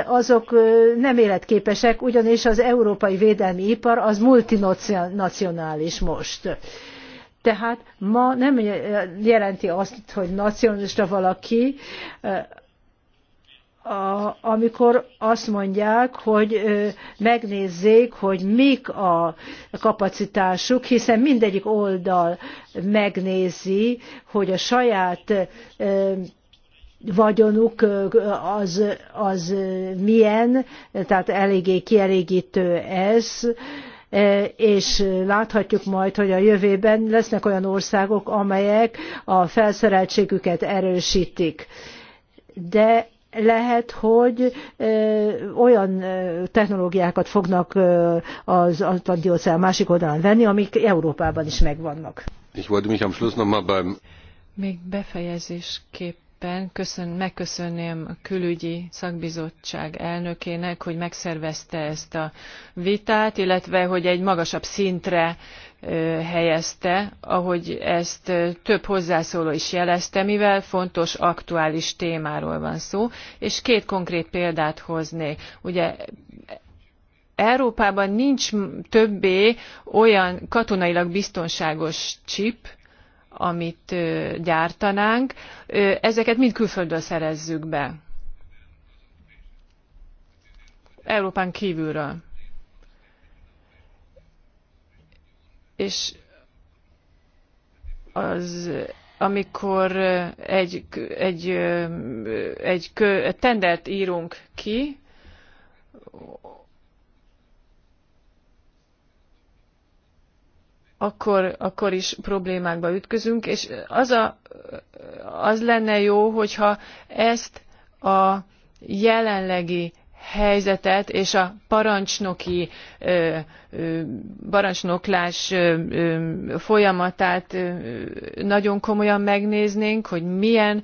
azok nem életképesek, ugyanis az európai védelmi ipar az multinacionális most. Tehát ma nem jelenti azt, hogy nacionalista valaki, a, amikor azt mondják, hogy megnézzék, hogy mik a kapacitásuk, hiszen mindegyik oldal megnézi, hogy a saját vagyonuk az, az milyen, tehát eléggé kielégítő ez, és láthatjuk majd, hogy a jövőben lesznek olyan országok, amelyek a felszereltségüket erősítik. De lehet, hogy olyan technológiákat fognak az atlanti óceán másik oldalán venni, amik Európában is megvannak. Ich wollte mich am Schluss noch mal beim még befejezésképpen köszön, megköszönném a külügyi szakbizottság elnökének, hogy megszervezte ezt a vitát, illetve hogy egy magasabb szintre helyezte, ahogy ezt több hozzászóló is jelezte, mivel fontos aktuális témáról van szó, és két konkrét példát hoznék. Ugye Európában nincs többé olyan katonailag biztonságos chip, amit gyártanánk, ezeket mind külföldről szerezzük be. Európán kívülről és az amikor egy, egy, egy kö, tendert írunk ki, akkor, akkor is problémákba ütközünk, és az, a, az lenne jó, hogyha ezt a jelenlegi helyzetet és a parancsnoki parancsnoklás folyamatát nagyon komolyan megnéznénk hogy milyen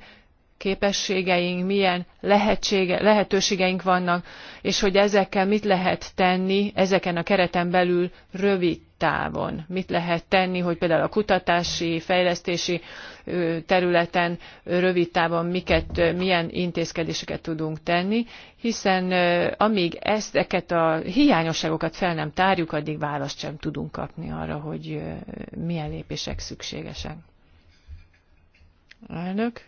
képességeink, milyen lehetőségeink vannak, és hogy ezekkel mit lehet tenni ezeken a kereten belül rövid távon. Mit lehet tenni, hogy például a kutatási, fejlesztési területen rövid távon miket, milyen intézkedéseket tudunk tenni, hiszen amíg ezeket a hiányosságokat fel nem tárjuk, addig választ sem tudunk kapni arra, hogy milyen lépések szükségesek. Elnök.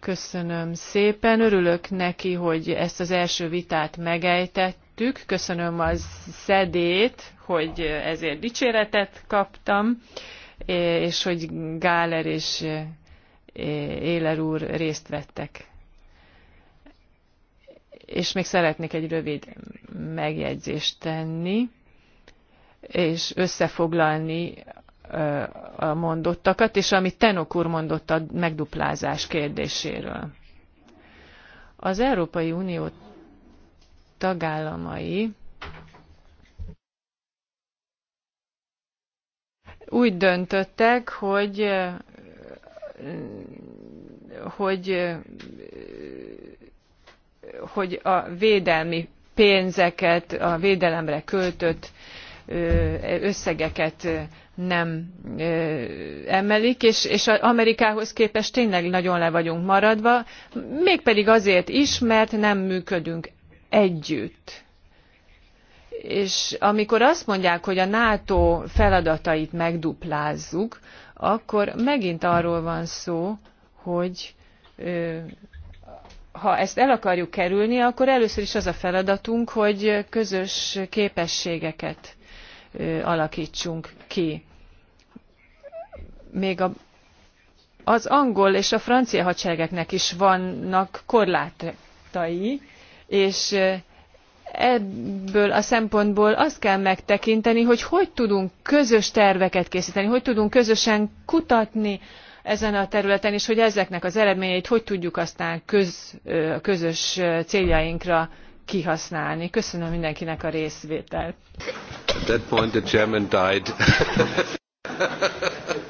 Köszönöm szépen, örülök neki, hogy ezt az első vitát megejtettük. Köszönöm az szedét, hogy ezért dicséretet kaptam, és hogy Gáler és Éler úr részt vettek. És még szeretnék egy rövid megjegyzést tenni és összefoglalni a mondottakat, és amit Tenok úr mondott a megduplázás kérdéséről. Az Európai Unió tagállamai úgy döntöttek, hogy hogy hogy a védelmi pénzeket, a védelemre költött összegeket nem emelik, és, és Amerikához képest tényleg nagyon le vagyunk maradva, mégpedig azért is, mert nem működünk együtt. És amikor azt mondják, hogy a NATO feladatait megduplázzuk, akkor megint arról van szó, hogy ha ezt el akarjuk kerülni, akkor először is az a feladatunk, hogy közös képességeket alakítsunk ki még a, az angol és a francia hadseregeknek is vannak korlátai, és ebből a szempontból azt kell megtekinteni, hogy hogy tudunk közös terveket készíteni, hogy tudunk közösen kutatni ezen a területen, és hogy ezeknek az eredményeit hogy tudjuk aztán köz, közös céljainkra kihasználni. Köszönöm mindenkinek a részvételt. At that point the chairman died.